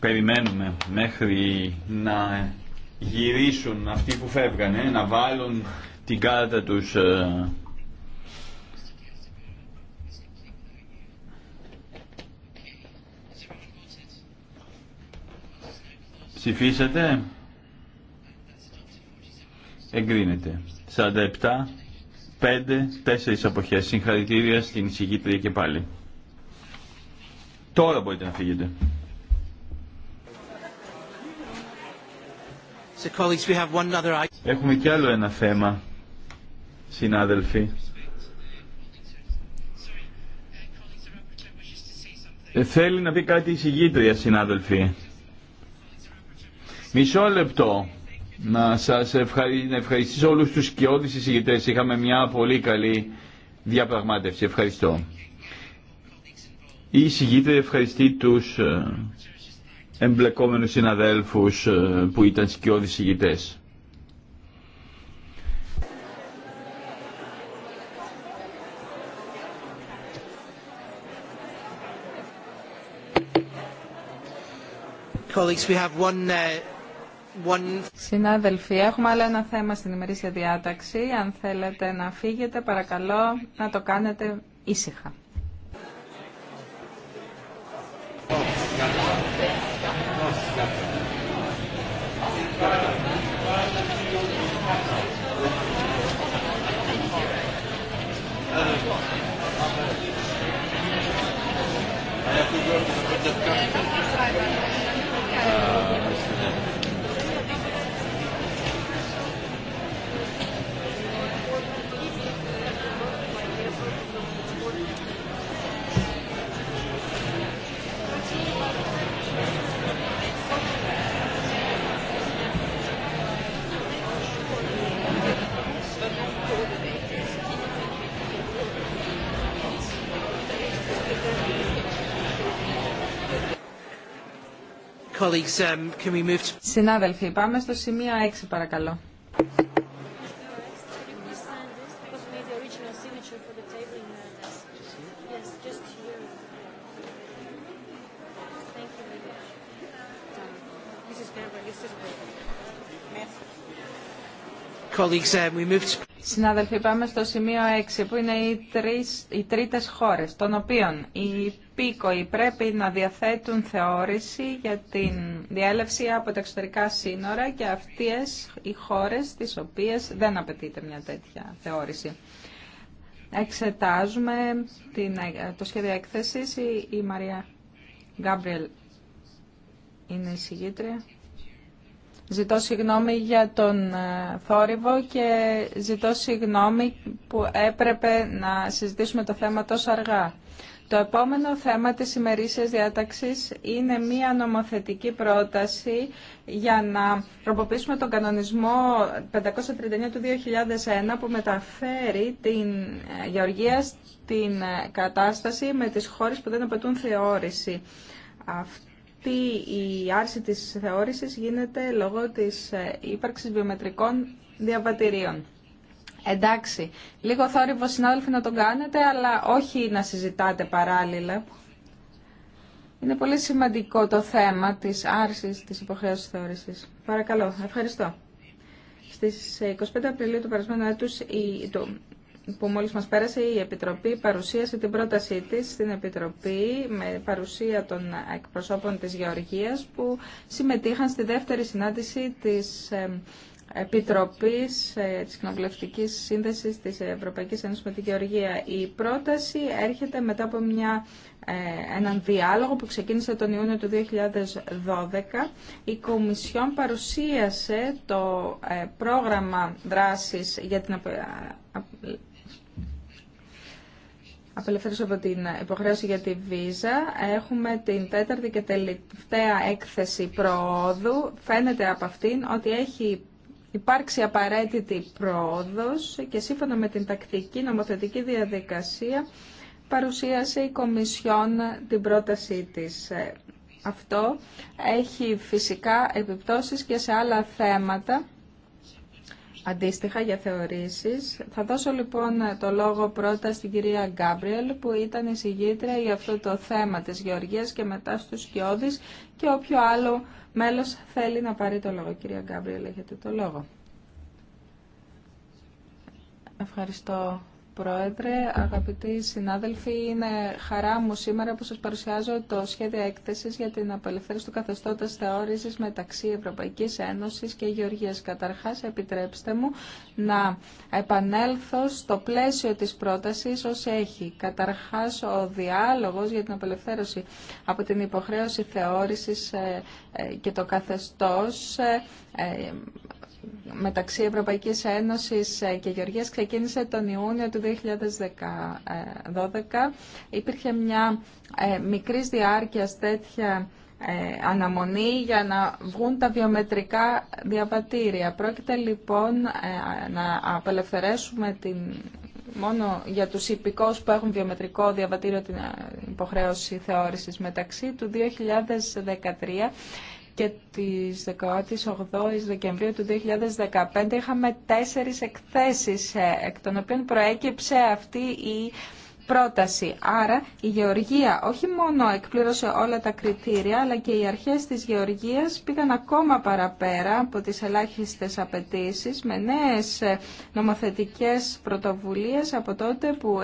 Περιμένουμε μέχρι να γυρίσουν αυτοί που φεύγανε, να βάλουν την κάρτα τους ε, Ψηφίσατε. Εγκρίνεται. 47, 5, 4 αποχές. Συγχαρητήρια στην εισηγήτρια και πάλι. Τώρα μπορείτε να φύγετε. Έχουμε κι άλλο ένα θέμα, συνάδελφοι. Θέλει να πει κάτι η συγγήτρια, συνάδελφοι. Μισό λεπτό. Να σας ευχαριστήσω όλους τους τους εισηγητές. Είχαμε μια πολύ καλή διαπραγμάτευση. Ευχαριστώ. Η εισηγήτρια ευχαριστεί τους ε, εμπλεκόμενους συναδέλφους ε, που ήταν σκιώδεις εισηγητές. Uh, Συνάδελφοι, έχουμε άλλο ένα θέμα στην ημερήσια διάταξη. Αν θέλετε να φύγετε, παρακαλώ να το κάνετε ήσυχα. Um, can we move Συνάδελφοι, πάμε στο σημείο 6 παρακαλώ. Colleagues, um, we moved to... Συνάδελφοι, πάμε στο σημείο 6, που είναι οι, τρεις, οι τρίτες χώρες, των οποίων οι πίκοοι πρέπει να διαθέτουν θεώρηση για την διέλευση από τα εξωτερικά σύνορα και αυτές οι χώρες τις οποίες δεν απαιτείται μια τέτοια θεώρηση. Εξετάζουμε την, το σχέδιο έκθεσης. Η, η Μαρία Γκάμπριελ είναι η συγγήτρια. Ζητώ συγγνώμη για τον ε, θόρυβο και ζητώ συγγνώμη που έπρεπε να συζητήσουμε το θέμα τόσο αργά. Το επόμενο θέμα της ημερήσιας διάταξης είναι μία νομοθετική πρόταση για να τροποποιήσουμε τον κανονισμό 539 του 2001 που μεταφέρει την ε, Γεωργία στην ε, κατάσταση με τις χώρες που δεν απαιτούν θεώρηση ότι η άρση της θεώρησης γίνεται λόγω της ε, ύπαρξης βιομετρικών διαβατηρίων. Εντάξει, λίγο θόρυβο συνάδελφοι να τον κάνετε, αλλά όχι να συζητάτε παράλληλα. Είναι πολύ σημαντικό το θέμα της άρσης της υποχρέωσης θεώρησης. Παρακαλώ, ευχαριστώ. Στις ε, 25 Απριλίου του περασμένου έτους, η, το, που μόλις μας πέρασε η Επιτροπή παρουσίασε την πρότασή της στην Επιτροπή με παρουσία των εκπροσώπων της Γεωργίας που συμμετείχαν στη δεύτερη συνάντηση της ε, Επιτροπής ε, της Κοινοβουλευτικής Σύνδεσης της Ευρωπαϊκής Ένωσης με τη Γεωργία. Η πρόταση έρχεται μετά από μια, ε, έναν διάλογο που ξεκίνησε τον Ιούνιο του 2012. Η Κομισιόν παρουσίασε το πρόγραμμα δράσης για την Απελευθέρωση από την υποχρέωση για τη βίζα. Έχουμε την τέταρτη και τελευταία έκθεση προόδου. Φαίνεται από αυτήν ότι έχει υπάρξει απαραίτητη πρόοδος και σύμφωνα με την τακτική νομοθετική διαδικασία παρουσίασε η Κομισιόν την πρότασή της. Ε, αυτό έχει φυσικά επιπτώσεις και σε άλλα θέματα αντίστοιχα για θεωρήσεις. Θα δώσω λοιπόν το λόγο πρώτα στην κυρία Γκάμπριελ που ήταν η για αυτό το θέμα της Γεωργίας και μετά στους Σκιώδης και όποιο άλλο μέλος θέλει να πάρει το λόγο. Κυρία Γκάμπριελ, έχετε το λόγο. Ευχαριστώ Πρόεδρε, αγαπητοί συνάδελφοι, είναι χαρά μου σήμερα που σας παρουσιάζω το σχέδιο έκθεσης για την απελευθέρωση του καθεστώτας θεώρησης μεταξύ Ευρωπαϊκής Ένωσης και Γεωργίας. Καταρχάς, επιτρέψτε μου να επανέλθω στο πλαίσιο της πρότασης ως έχει. Καταρχάς, ο διάλογος για την απελευθέρωση από την υποχρέωση θεώρησης ε, ε, και το καθεστώς ε, μεταξύ Ευρωπαϊκής Ένωσης ε, και Γεωργίας ξεκίνησε τον Ιούνιο του 2012. Υπήρχε μια ε, μικρή διάρκεια τέτοια ε, αναμονή για να βγουν τα βιομετρικά διαβατήρια. Πρόκειται λοιπόν να απελευθερέσουμε την μόνο για τους υπηκόους που έχουν βιομετρικό διαβατήριο την υποχρέωση θεώρησης μεταξύ του 2013 και της 18 Δεκεμβρίου του 2015 είχαμε τέσσερις εκθέσεις ε, εκ των οποίων προέκυψε αυτή η πρόταση. Άρα η Γεωργία όχι μόνο εκπλήρωσε όλα τα κριτήρια, αλλά και οι αρχές της Γεωργίας πήγαν ακόμα παραπέρα από τις ελάχιστες απαιτήσεις με νέες ε, νομοθετικές πρωτοβουλίες από τότε που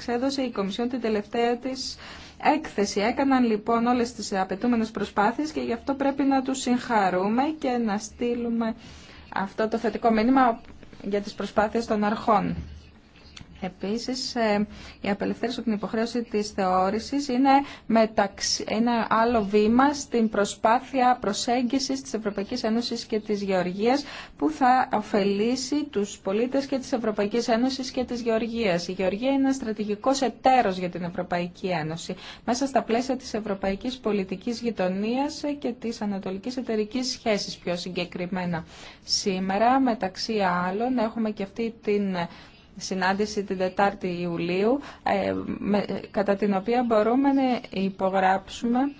Ξέδωσε η Κομισιόν την τελευταία της έκθεση. Έκαναν λοιπόν όλες τις απαιτούμενες προσπάθειες και γι' αυτό πρέπει να τους συγχαρούμε και να στείλουμε αυτό το θετικό μήνυμα για τις προσπάθειες των αρχών. Επίσης, ε, η απελευθέρωση από την υποχρέωση τη θεώρησης είναι μεταξύ, ένα άλλο βήμα στην προσπάθεια προσέγγιση τη Ευρωπαϊκή Ένωση και τη Γεωργίας που θα ωφελήσει του πολίτε και τη Ευρωπαϊκή Ένωση και τη Γεωργία. Η Γεωργία είναι ένα στρατηγικός εταίρος για την Ευρωπαϊκή Ένωση μέσα στα πλαίσια τη Ευρωπαϊκή Πολιτική Γειτονία και τη Ανατολική Εταιρική σχέση πιο συγκεκριμένα. Σήμερα, μεταξύ άλλων, έχουμε και αυτή την συνάντηση την 4η Ιουλίου, ε, κατά την οποία μπορούμε να υπογράψουμε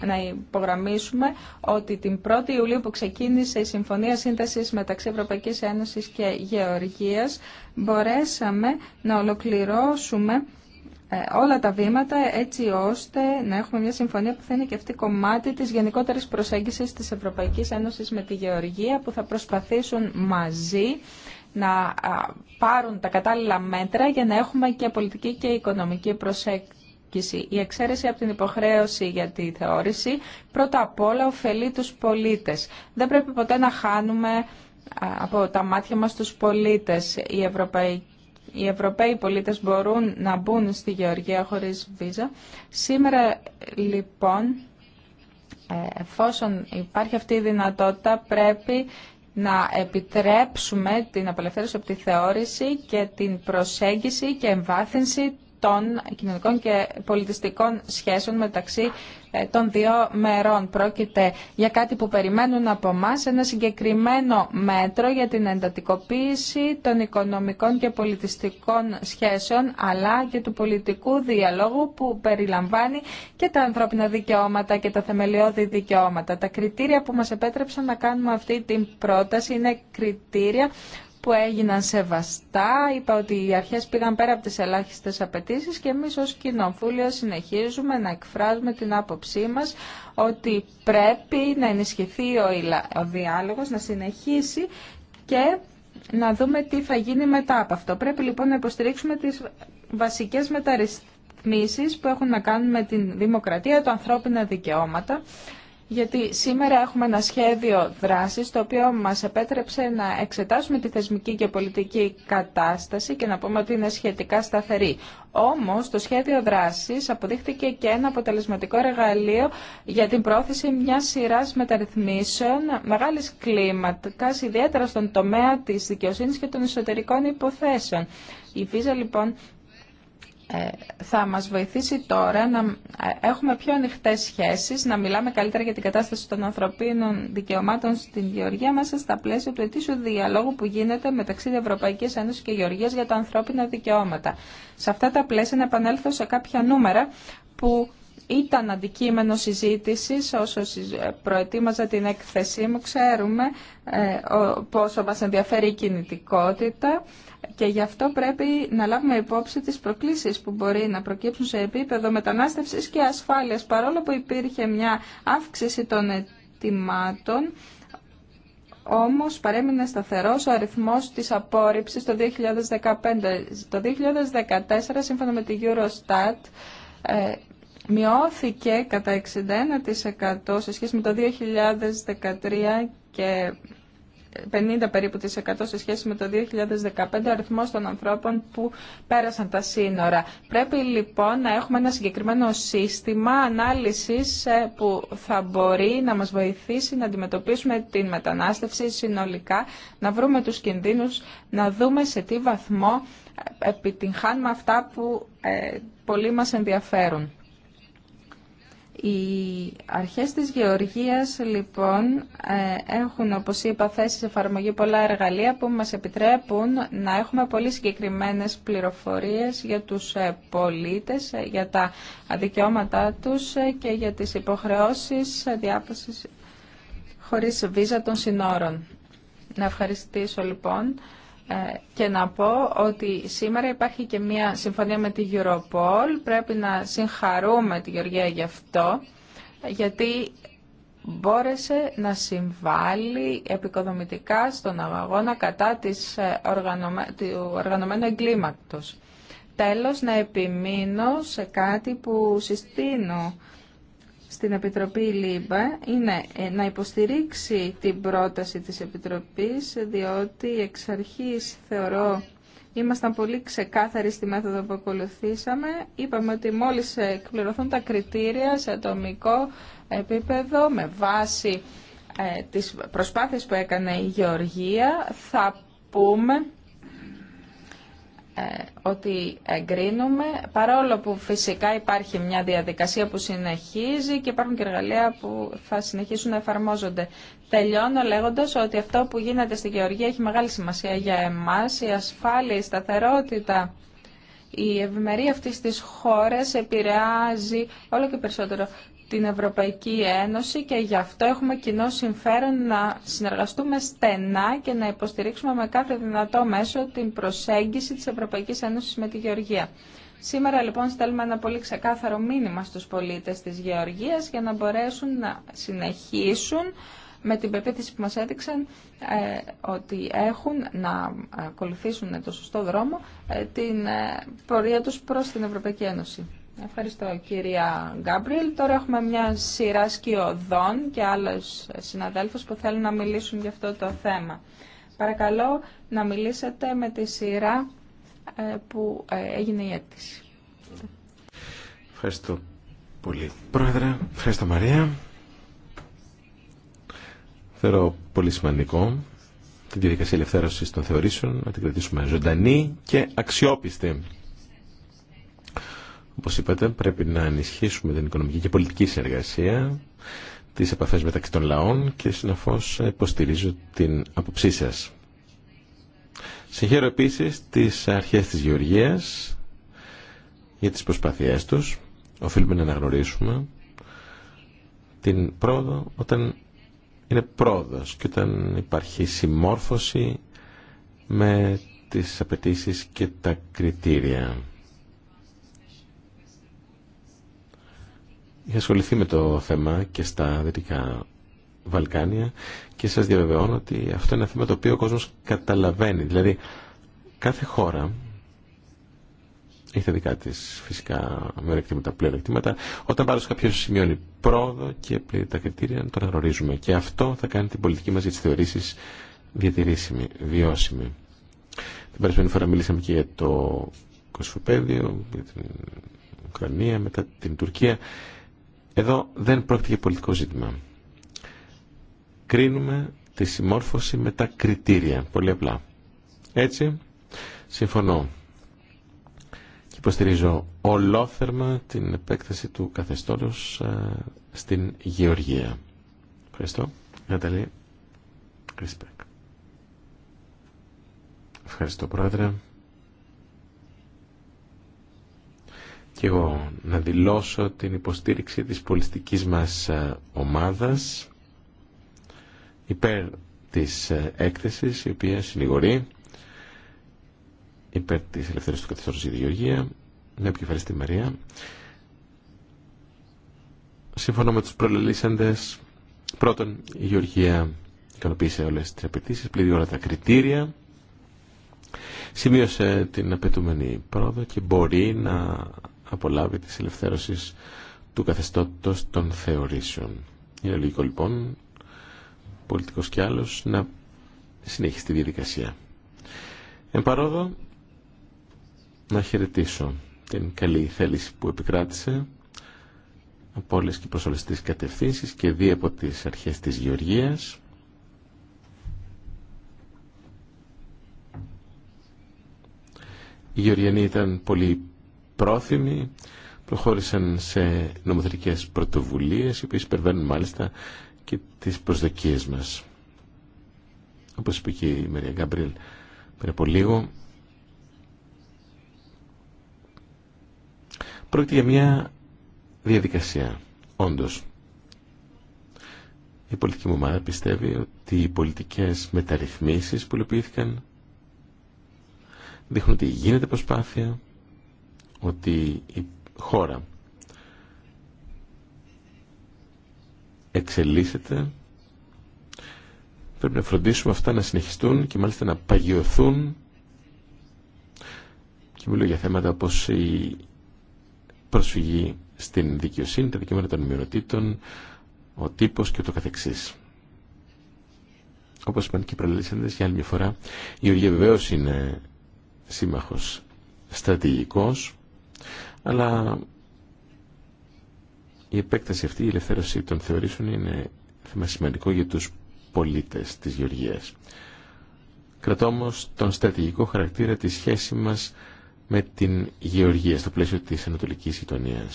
να υπογραμμίσουμε ότι την 1η Ιουλίου που ξεκίνησε η Συμφωνία Σύνθεσης μεταξύ Ευρωπαϊκής Ένωσης και Γεωργίας μπορέσαμε να ολοκληρώσουμε ε, όλα τα βήματα έτσι ώστε να υπογραμμισουμε οτι την 1 η ιουλιου που ξεκινησε η συμφωνια συντασης μεταξυ ευρωπαικης ενωσης και γεωργιας μπορεσαμε να ολοκληρωσουμε ολα τα βηματα ετσι ωστε να εχουμε μια συμφωνία που θα είναι και αυτή κομμάτι της γενικότερης προσέγγισης της Ευρωπαϊκής Ένωσης με τη Γεωργία που θα προσπαθήσουν μαζί να πάρουν τα κατάλληλα μέτρα για να έχουμε και πολιτική και οικονομική προσέγγιση. Η εξαίρεση από την υποχρέωση για τη θεώρηση πρώτα απ' όλα ωφελεί τους πολίτες. Δεν πρέπει ποτέ να χάνουμε από τα μάτια μας τους πολίτες. Οι Ευρωπαίοι, οι πολίτες μπορούν να μπουν στη Γεωργία χωρίς βίζα. Σήμερα λοιπόν ε, εφόσον υπάρχει αυτή η δυνατότητα πρέπει να επιτρέψουμε την απελευθέρωση από τη θεώρηση και την προσέγγιση και εμβάθυνση των κοινωνικών και πολιτιστικών σχέσεων μεταξύ ε, των δύο μερών. Πρόκειται για κάτι που περιμένουν από εμά ένα συγκεκριμένο μέτρο για την εντατικοποίηση των οικονομικών και πολιτιστικών σχέσεων αλλά και του πολιτικού διαλόγου που περιλαμβάνει και τα ανθρώπινα δικαιώματα και τα θεμελιώδη δικαιώματα. Τα κριτήρια που μας επέτρεψαν να κάνουμε αυτή την πρόταση είναι κριτήρια που έγιναν σεβαστά. Είπα ότι οι αρχέ πήγαν πέρα από τις ελάχιστες απαιτήσει και εμείς ως κοινοβούλιο συνεχίζουμε να εκφράζουμε την άποψή μας ότι πρέπει να ενισχυθεί ο διάλογος, να συνεχίσει και να δούμε τι θα γίνει μετά από αυτό. Πρέπει λοιπόν να υποστηρίξουμε τις βασικές μεταρρυθμίσεις που έχουν να κάνουν με την δημοκρατία, τα ανθρώπινα δικαιώματα γιατί σήμερα έχουμε ένα σχέδιο δράσης το οποίο μας επέτρεψε να εξετάσουμε τη θεσμική και πολιτική κατάσταση και να πούμε ότι είναι σχετικά σταθερή. Όμως το σχέδιο δράσης αποδείχθηκε και ένα αποτελεσματικό εργαλείο για την πρόθεση μιας σειράς μεταρρυθμίσεων μεγάλης κλίμακα, ιδιαίτερα στον τομέα της δικαιοσύνης και των εσωτερικών υποθέσεων. Λοιπόν, ε, θα μας βοηθήσει τώρα να ε, έχουμε πιο ανοιχτέ σχέσεις, να μιλάμε καλύτερα για την κατάσταση των ανθρωπίνων δικαιωμάτων στην Γεωργία μέσα στα πλαίσια του ετήσιου διαλόγου που γίνεται μεταξύ Ευρωπαϊκής Ένωσης και Γεωργίας για τα ανθρώπινα δικαιώματα. Σε αυτά τα πλαίσια να επανέλθω σε κάποια νούμερα που ήταν αντικείμενο συζήτησης όσο ε, προετοίμαζα την έκθεσή μου. Ξέρουμε ε, πόσο μας ενδιαφέρει η κινητικότητα και γι' αυτό πρέπει να λάβουμε υπόψη τις προκλήσεις που μπορεί να προκύψουν σε επίπεδο μετανάστευσης και ασφάλειας. Παρόλο που υπήρχε μια αύξηση των ετοιμάτων, όμως παρέμεινε σταθερός ο αριθμός της απόρριψης το 2015. Το 2014, σύμφωνα με τη Eurostat, ε, μειώθηκε κατά 61% σε σχέση με το 2013 και 50 περίπου σε σχέση με το 2015 ο αριθμός των ανθρώπων που πέρασαν τα σύνορα. Πρέπει λοιπόν να έχουμε ένα συγκεκριμένο σύστημα ανάλυσης ε, που θα μπορεί να μας βοηθήσει να αντιμετωπίσουμε την μετανάστευση συνολικά, να βρούμε τους κινδύνους, να δούμε σε τι βαθμό ε, επιτυγχάνουμε αυτά που ε, πολλοί μας ενδιαφέρουν. Οι αρχές της γεωργίας λοιπόν ε, έχουν όπως είπα θέσει σε εφαρμογή πολλά εργαλεία που μας επιτρέπουν να έχουμε πολύ συγκεκριμένες πληροφορίες για τους ε, πολίτες, ε, για τα δικαιώματά τους και για τις υποχρεώσεις διάπασης χωρίς βίζα των συνόρων. Να ευχαριστήσω λοιπόν ε, και να πω ότι σήμερα υπάρχει και μια συμφωνία με τη Europol. Πρέπει να συγχαρούμε τη Γεωργία γι' αυτό, γιατί μπόρεσε να συμβάλλει επικοδομητικά στον αγώνα κατά της ε, του οργανωμένου εγκλήματος. Τέλος, να επιμείνω σε κάτι που συστήνω στην Επιτροπή ΛΥΜΠΑ είναι ε, να υποστηρίξει την πρόταση της Επιτροπής, διότι εξ αρχής θεωρώ ήμασταν πολύ ξεκάθαροι στη μέθοδο που ακολουθήσαμε. Είπαμε ότι μόλις εκπληρωθούν τα κριτήρια σε ατομικό επίπεδο με βάση ε, τις προσπάθειες που έκανε η Γεωργία, θα πούμε ε, ότι εγκρίνουμε, παρόλο που φυσικά υπάρχει μια διαδικασία που συνεχίζει και υπάρχουν και εργαλεία που θα συνεχίσουν να εφαρμόζονται. Τελειώνω λέγοντας ότι αυτό που γίνεται στη Γεωργία έχει μεγάλη σημασία για εμάς, η ασφάλεια, η σταθερότητα. Η ευημερία αυτή τη χώρας επηρεάζει όλο και περισσότερο την Ευρωπαϊκή Ένωση και γι' αυτό έχουμε κοινό συμφέρον να συνεργαστούμε στενά και να υποστηρίξουμε με κάθε δυνατό μέσο την προσέγγιση της Ευρωπαϊκής Ένωσης με τη Γεωργία. Σήμερα λοιπόν στέλνουμε ένα πολύ ξεκάθαρο μήνυμα στους πολίτες της Γεωργίας για να μπορέσουν να συνεχίσουν με την πεποίθηση που μας έδειξαν ε, ότι έχουν να ακολουθήσουν το σωστό δρόμο ε, την ε, πορεία τους προς την Ευρωπαϊκή Ένωση. Ευχαριστώ κυρία Γκάμπριελ. Τώρα έχουμε μια σειρά σκιωδών και άλλους συναδέλφους που θέλουν να μιλήσουν για αυτό το θέμα. Παρακαλώ να μιλήσετε με τη σειρά ε, που ε, έγινε η αίτηση. Ευχαριστώ πολύ. Πρόεδρε, ευχαριστώ Μαρία. Θέλω πολύ σημαντικό την διαδικασία ελευθέρωσης των θεωρήσεων να την κρατήσουμε ζωντανή και αξιόπιστη. Όπως είπατε, πρέπει να ενισχύσουμε την οικονομική και πολιτική συνεργασία, τις επαφές μεταξύ των λαών και συναφώς υποστηρίζω την αποψή σας. Συγχαίρω επίσης τις αρχές της Γεωργίας για τις προσπάθειές τους. Οφείλουμε να αναγνωρίσουμε την πρόοδο όταν είναι πρόοδος και όταν υπάρχει συμμόρφωση με τις απαιτήσει και τα κριτήρια. Είχα ασχοληθεί με το θέμα και στα Δυτικά Βαλκάνια και σας διαβεβαιώνω ότι αυτό είναι ένα θέμα το οποίο ο κόσμος καταλαβαίνει. Δηλαδή κάθε χώρα έχει τα δικά της φυσικά πλέον πλεονεκτήματα. Όταν πάρω κάποιο σημειώνει πρόοδο και πλήρει τα κριτήρια να το αναγνωρίζουμε. Και αυτό θα κάνει την πολιτική μας για τις θεωρήσεις διατηρήσιμη, βιώσιμη. Την περασμένη φορά μιλήσαμε και για το Κοσμοπέδιο, για την Ουκρανία, μετά την Τουρκία. Εδώ δεν πρόκειται για πολιτικό ζήτημα. Κρίνουμε τη συμμόρφωση με τα κριτήρια, πολύ απλά. Έτσι, συμφωνώ και υποστηρίζω ολόθερμα την επέκταση του καθεστώτος ε, στην Γεωργία. Ευχαριστώ. Ευχαριστώ, Πρόεδρε. και εγώ να δηλώσω την υποστήριξη της πολιτικής μας ε, ομάδας υπέρ της ε, έκθεσης η οποία συνηγορεί υπέρ της ελευθερίας του καθεστώτος τη Γεωργία με επικεφαλής Μαρία σύμφωνα με τους προλελήσαντες πρώτον η Γεωργία ικανοποίησε όλες τις απαιτήσεις πλήρει όλα τα κριτήρια σημείωσε την απαιτούμενη πρόοδο και μπορεί να απολάβει της ελευθέρωσης του καθεστώτος των θεωρήσεων. Είναι λογικό λοιπόν, πολιτικός και άλλος, να συνεχίσει τη διαδικασία. Εν παρόδο, να χαιρετήσω την καλή θέληση που επικράτησε από όλε και προς όλες τις κατευθύνσεις και δύο από τις αρχές της Γεωργίας. Η Γεωργιανή ήταν πολύ πρόθυμοι προχώρησαν σε νομοθετικές πρωτοβουλίες οι οποίες υπερβαίνουν μάλιστα και τις προσδοκίες μας. Όπως είπε και η Μαρία Γκάμπριελ πριν από λίγο, πρόκειται για μια διαδικασία, όντως. Η πολιτική μου ομάδα πιστεύει ότι οι πολιτικές μεταρρυθμίσεις που υλοποιήθηκαν δείχνουν ότι γίνεται προσπάθεια ότι η χώρα εξελίσσεται πρέπει να φροντίσουμε αυτά να συνεχιστούν και μάλιστα να παγιωθούν και μιλώ για θέματα όπως η προσφυγή στην δικαιοσύνη, τα δικαιώματα των μειονοτήτων, ο τύπος και το καθεξής. Όπως είπαν και οι για άλλη μια φορά, η Γεωργία βεβαίω είναι σύμμαχος στρατηγικός, αλλά η επέκταση αυτή, η ελευθέρωση των θεωρήσεων είναι θέμα σημαντικό για τους πολίτες της Γεωργίας. Κρατώ όμω τον στρατηγικό χαρακτήρα της σχέση μας με την Γεωργία στο πλαίσιο της Ανατολική Γειτονία.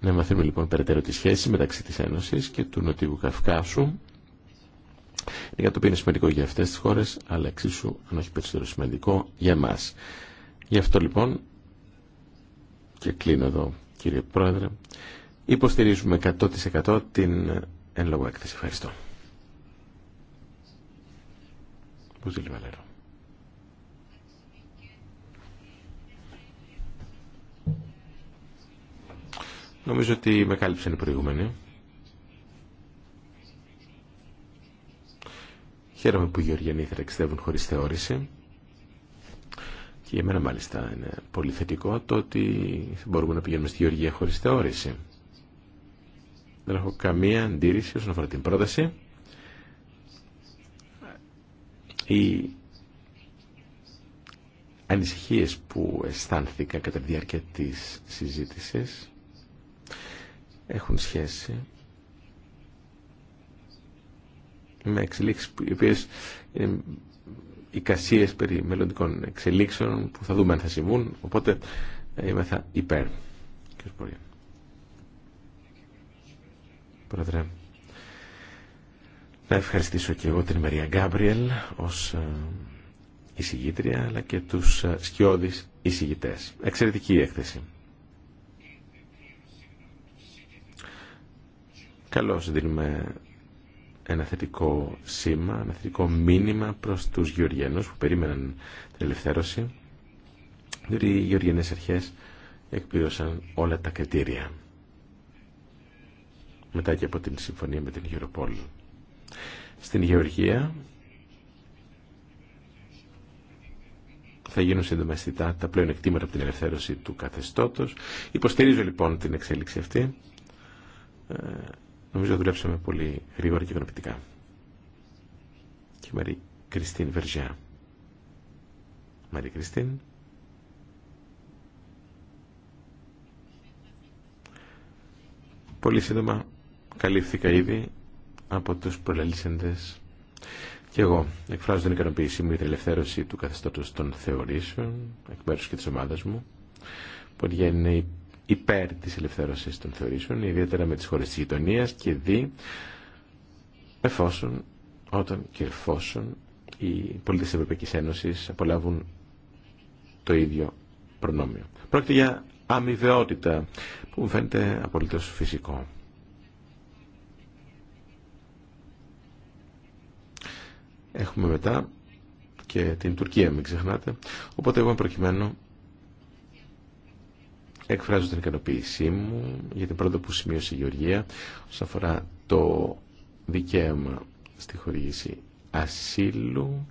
Να μαθαίνουμε λοιπόν περαιτέρω τη σχέση μεταξύ της Ένωσης και του Νοτιού Καυκάσου. Είναι το οποίο είναι σημαντικό για αυτές τις χώρες, αλλά εξίσου, αν όχι περισσότερο σημαντικό, για μας. Γι' αυτό λοιπόν και κλείνω εδώ κύριε Πρόεδρε, υποστηρίζουμε 100% την εν λόγω έκθεση. Ευχαριστώ. Βαλέρο. Νομίζω ότι με κάλυψαν οι προηγούμενοι. Χαίρομαι που οι Γεωργιανοί θα ταξιδεύουν χωρίς θεώρηση. Και για μένα μάλιστα είναι πολύ θετικό το ότι μπορούμε να πηγαίνουμε στη Γεωργία χωρίς θεώρηση. Δεν έχω καμία αντίρρηση όσον αφορά την πρόταση. Οι ανησυχίες που αισθάνθηκα κατά τη διάρκεια της συζήτησης έχουν σχέση με εξελίξεις οι οποίες είναι εικασίε περί μελλοντικών εξελίξεων που θα δούμε αν θα συμβούν, οπότε ε, είμαι θα υπέρ. Πρόεδρε, να ευχαριστήσω και εγώ την Μαρία Γκάμπριελ ως ε, εισηγήτρια αλλά και τους ε, σκιώδεις εισηγητές. Εξαιρετική η έκθεση. Καλώς δίνουμε ένα θετικό σήμα, ένα θετικό μήνυμα προς τους Γεωργιανούς που περίμεναν την ελευθέρωση, διότι οι Γεωργιανές αρχές εκπλήρωσαν όλα τα κριτήρια μετά και από την συμφωνία με την Γεωροπόλη. Στην Γεωργία θα γίνουν συντομαστητά τα πλέον εκτίματα από την ελευθέρωση του καθεστώτος. Υποστηρίζω λοιπόν την εξέλιξη αυτή ε, Νομίζω δουλέψαμε πολύ γρήγορα και ικανοποιητικά. Και η Μαρή Κριστίν Βεργιά. Μαρή Κριστίν. Πολύ σύντομα καλύφθηκα ήδη από τους προλαλήσεντες και εγώ εκφράζω την ικανοποίησή μου για την ελευθέρωση του καθεστώτος των θεωρήσεων εκ μέρους και της ομάδας μου που είναι η υπέρ της ελευθέρωσης των θεωρήσεων, ιδιαίτερα με τις χώρες της γειτονίας και δι, εφόσον, όταν και εφόσον οι πολίτες της Ευρωπαϊκής Ένωσης απολαύουν το ίδιο προνόμιο. Πρόκειται για αμοιβαιότητα που μου φαίνεται απολύτως φυσικό. Έχουμε μετά και την Τουρκία, μην ξεχνάτε. Οπότε εγώ προκειμένου εκφράζω την ικανοποίησή μου για την πρώτη που σημείωσε η Γεωργία όσον αφορά το δικαίωμα στη χορήγηση ασύλου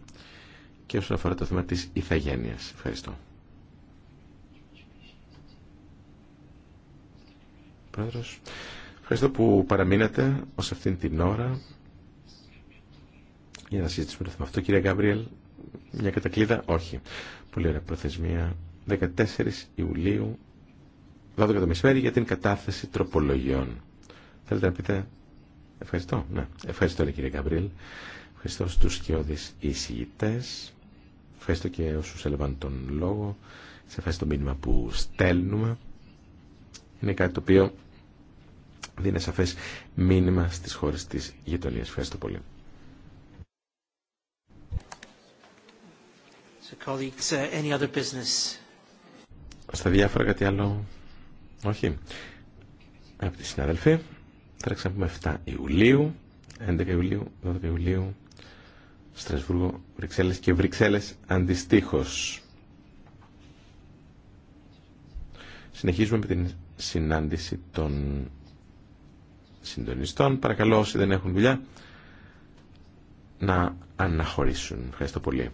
και όσον αφορά το θέμα της ηθαγένειας. Ευχαριστώ. Πρόεδρος, ευχαριστώ που παραμείνατε ως αυτήν την ώρα για να συζητήσουμε το θέμα αυτό. Κύριε Γκάμπριελ, μια κατακλίδα, όχι. Πολύ ωραία προθεσμία. 14 Ιουλίου 12 το μεσημέρι για την κατάθεση τροπολογιών. Θέλετε να πείτε ευχαριστώ. Ναι. Ευχαριστώ λέει, κύριε Καμπρίλ. Ευχαριστώ στους σκιώδεις εισηγητές. Ευχαριστώ και όσους έλαβαν τον λόγο. Σε ευχαριστώ το μήνυμα που στέλνουμε. Είναι κάτι το οποίο δίνει σαφές μήνυμα στις χώρες της γειτονίας. Ευχαριστώ πολύ. Uh, Στα διάφορα κάτι άλλο όχι. τη συνάδελφοι, θα πούμε 7 Ιουλίου, 11 Ιουλίου, 12 Ιουλίου, Στρασβούργο, Βρυξέλλες και Βρυξέλλες αντιστοίχως. Συνεχίζουμε με την συνάντηση των συντονιστών. Παρακαλώ όσοι δεν έχουν δουλειά να αναχωρήσουν. Ευχαριστώ πολύ.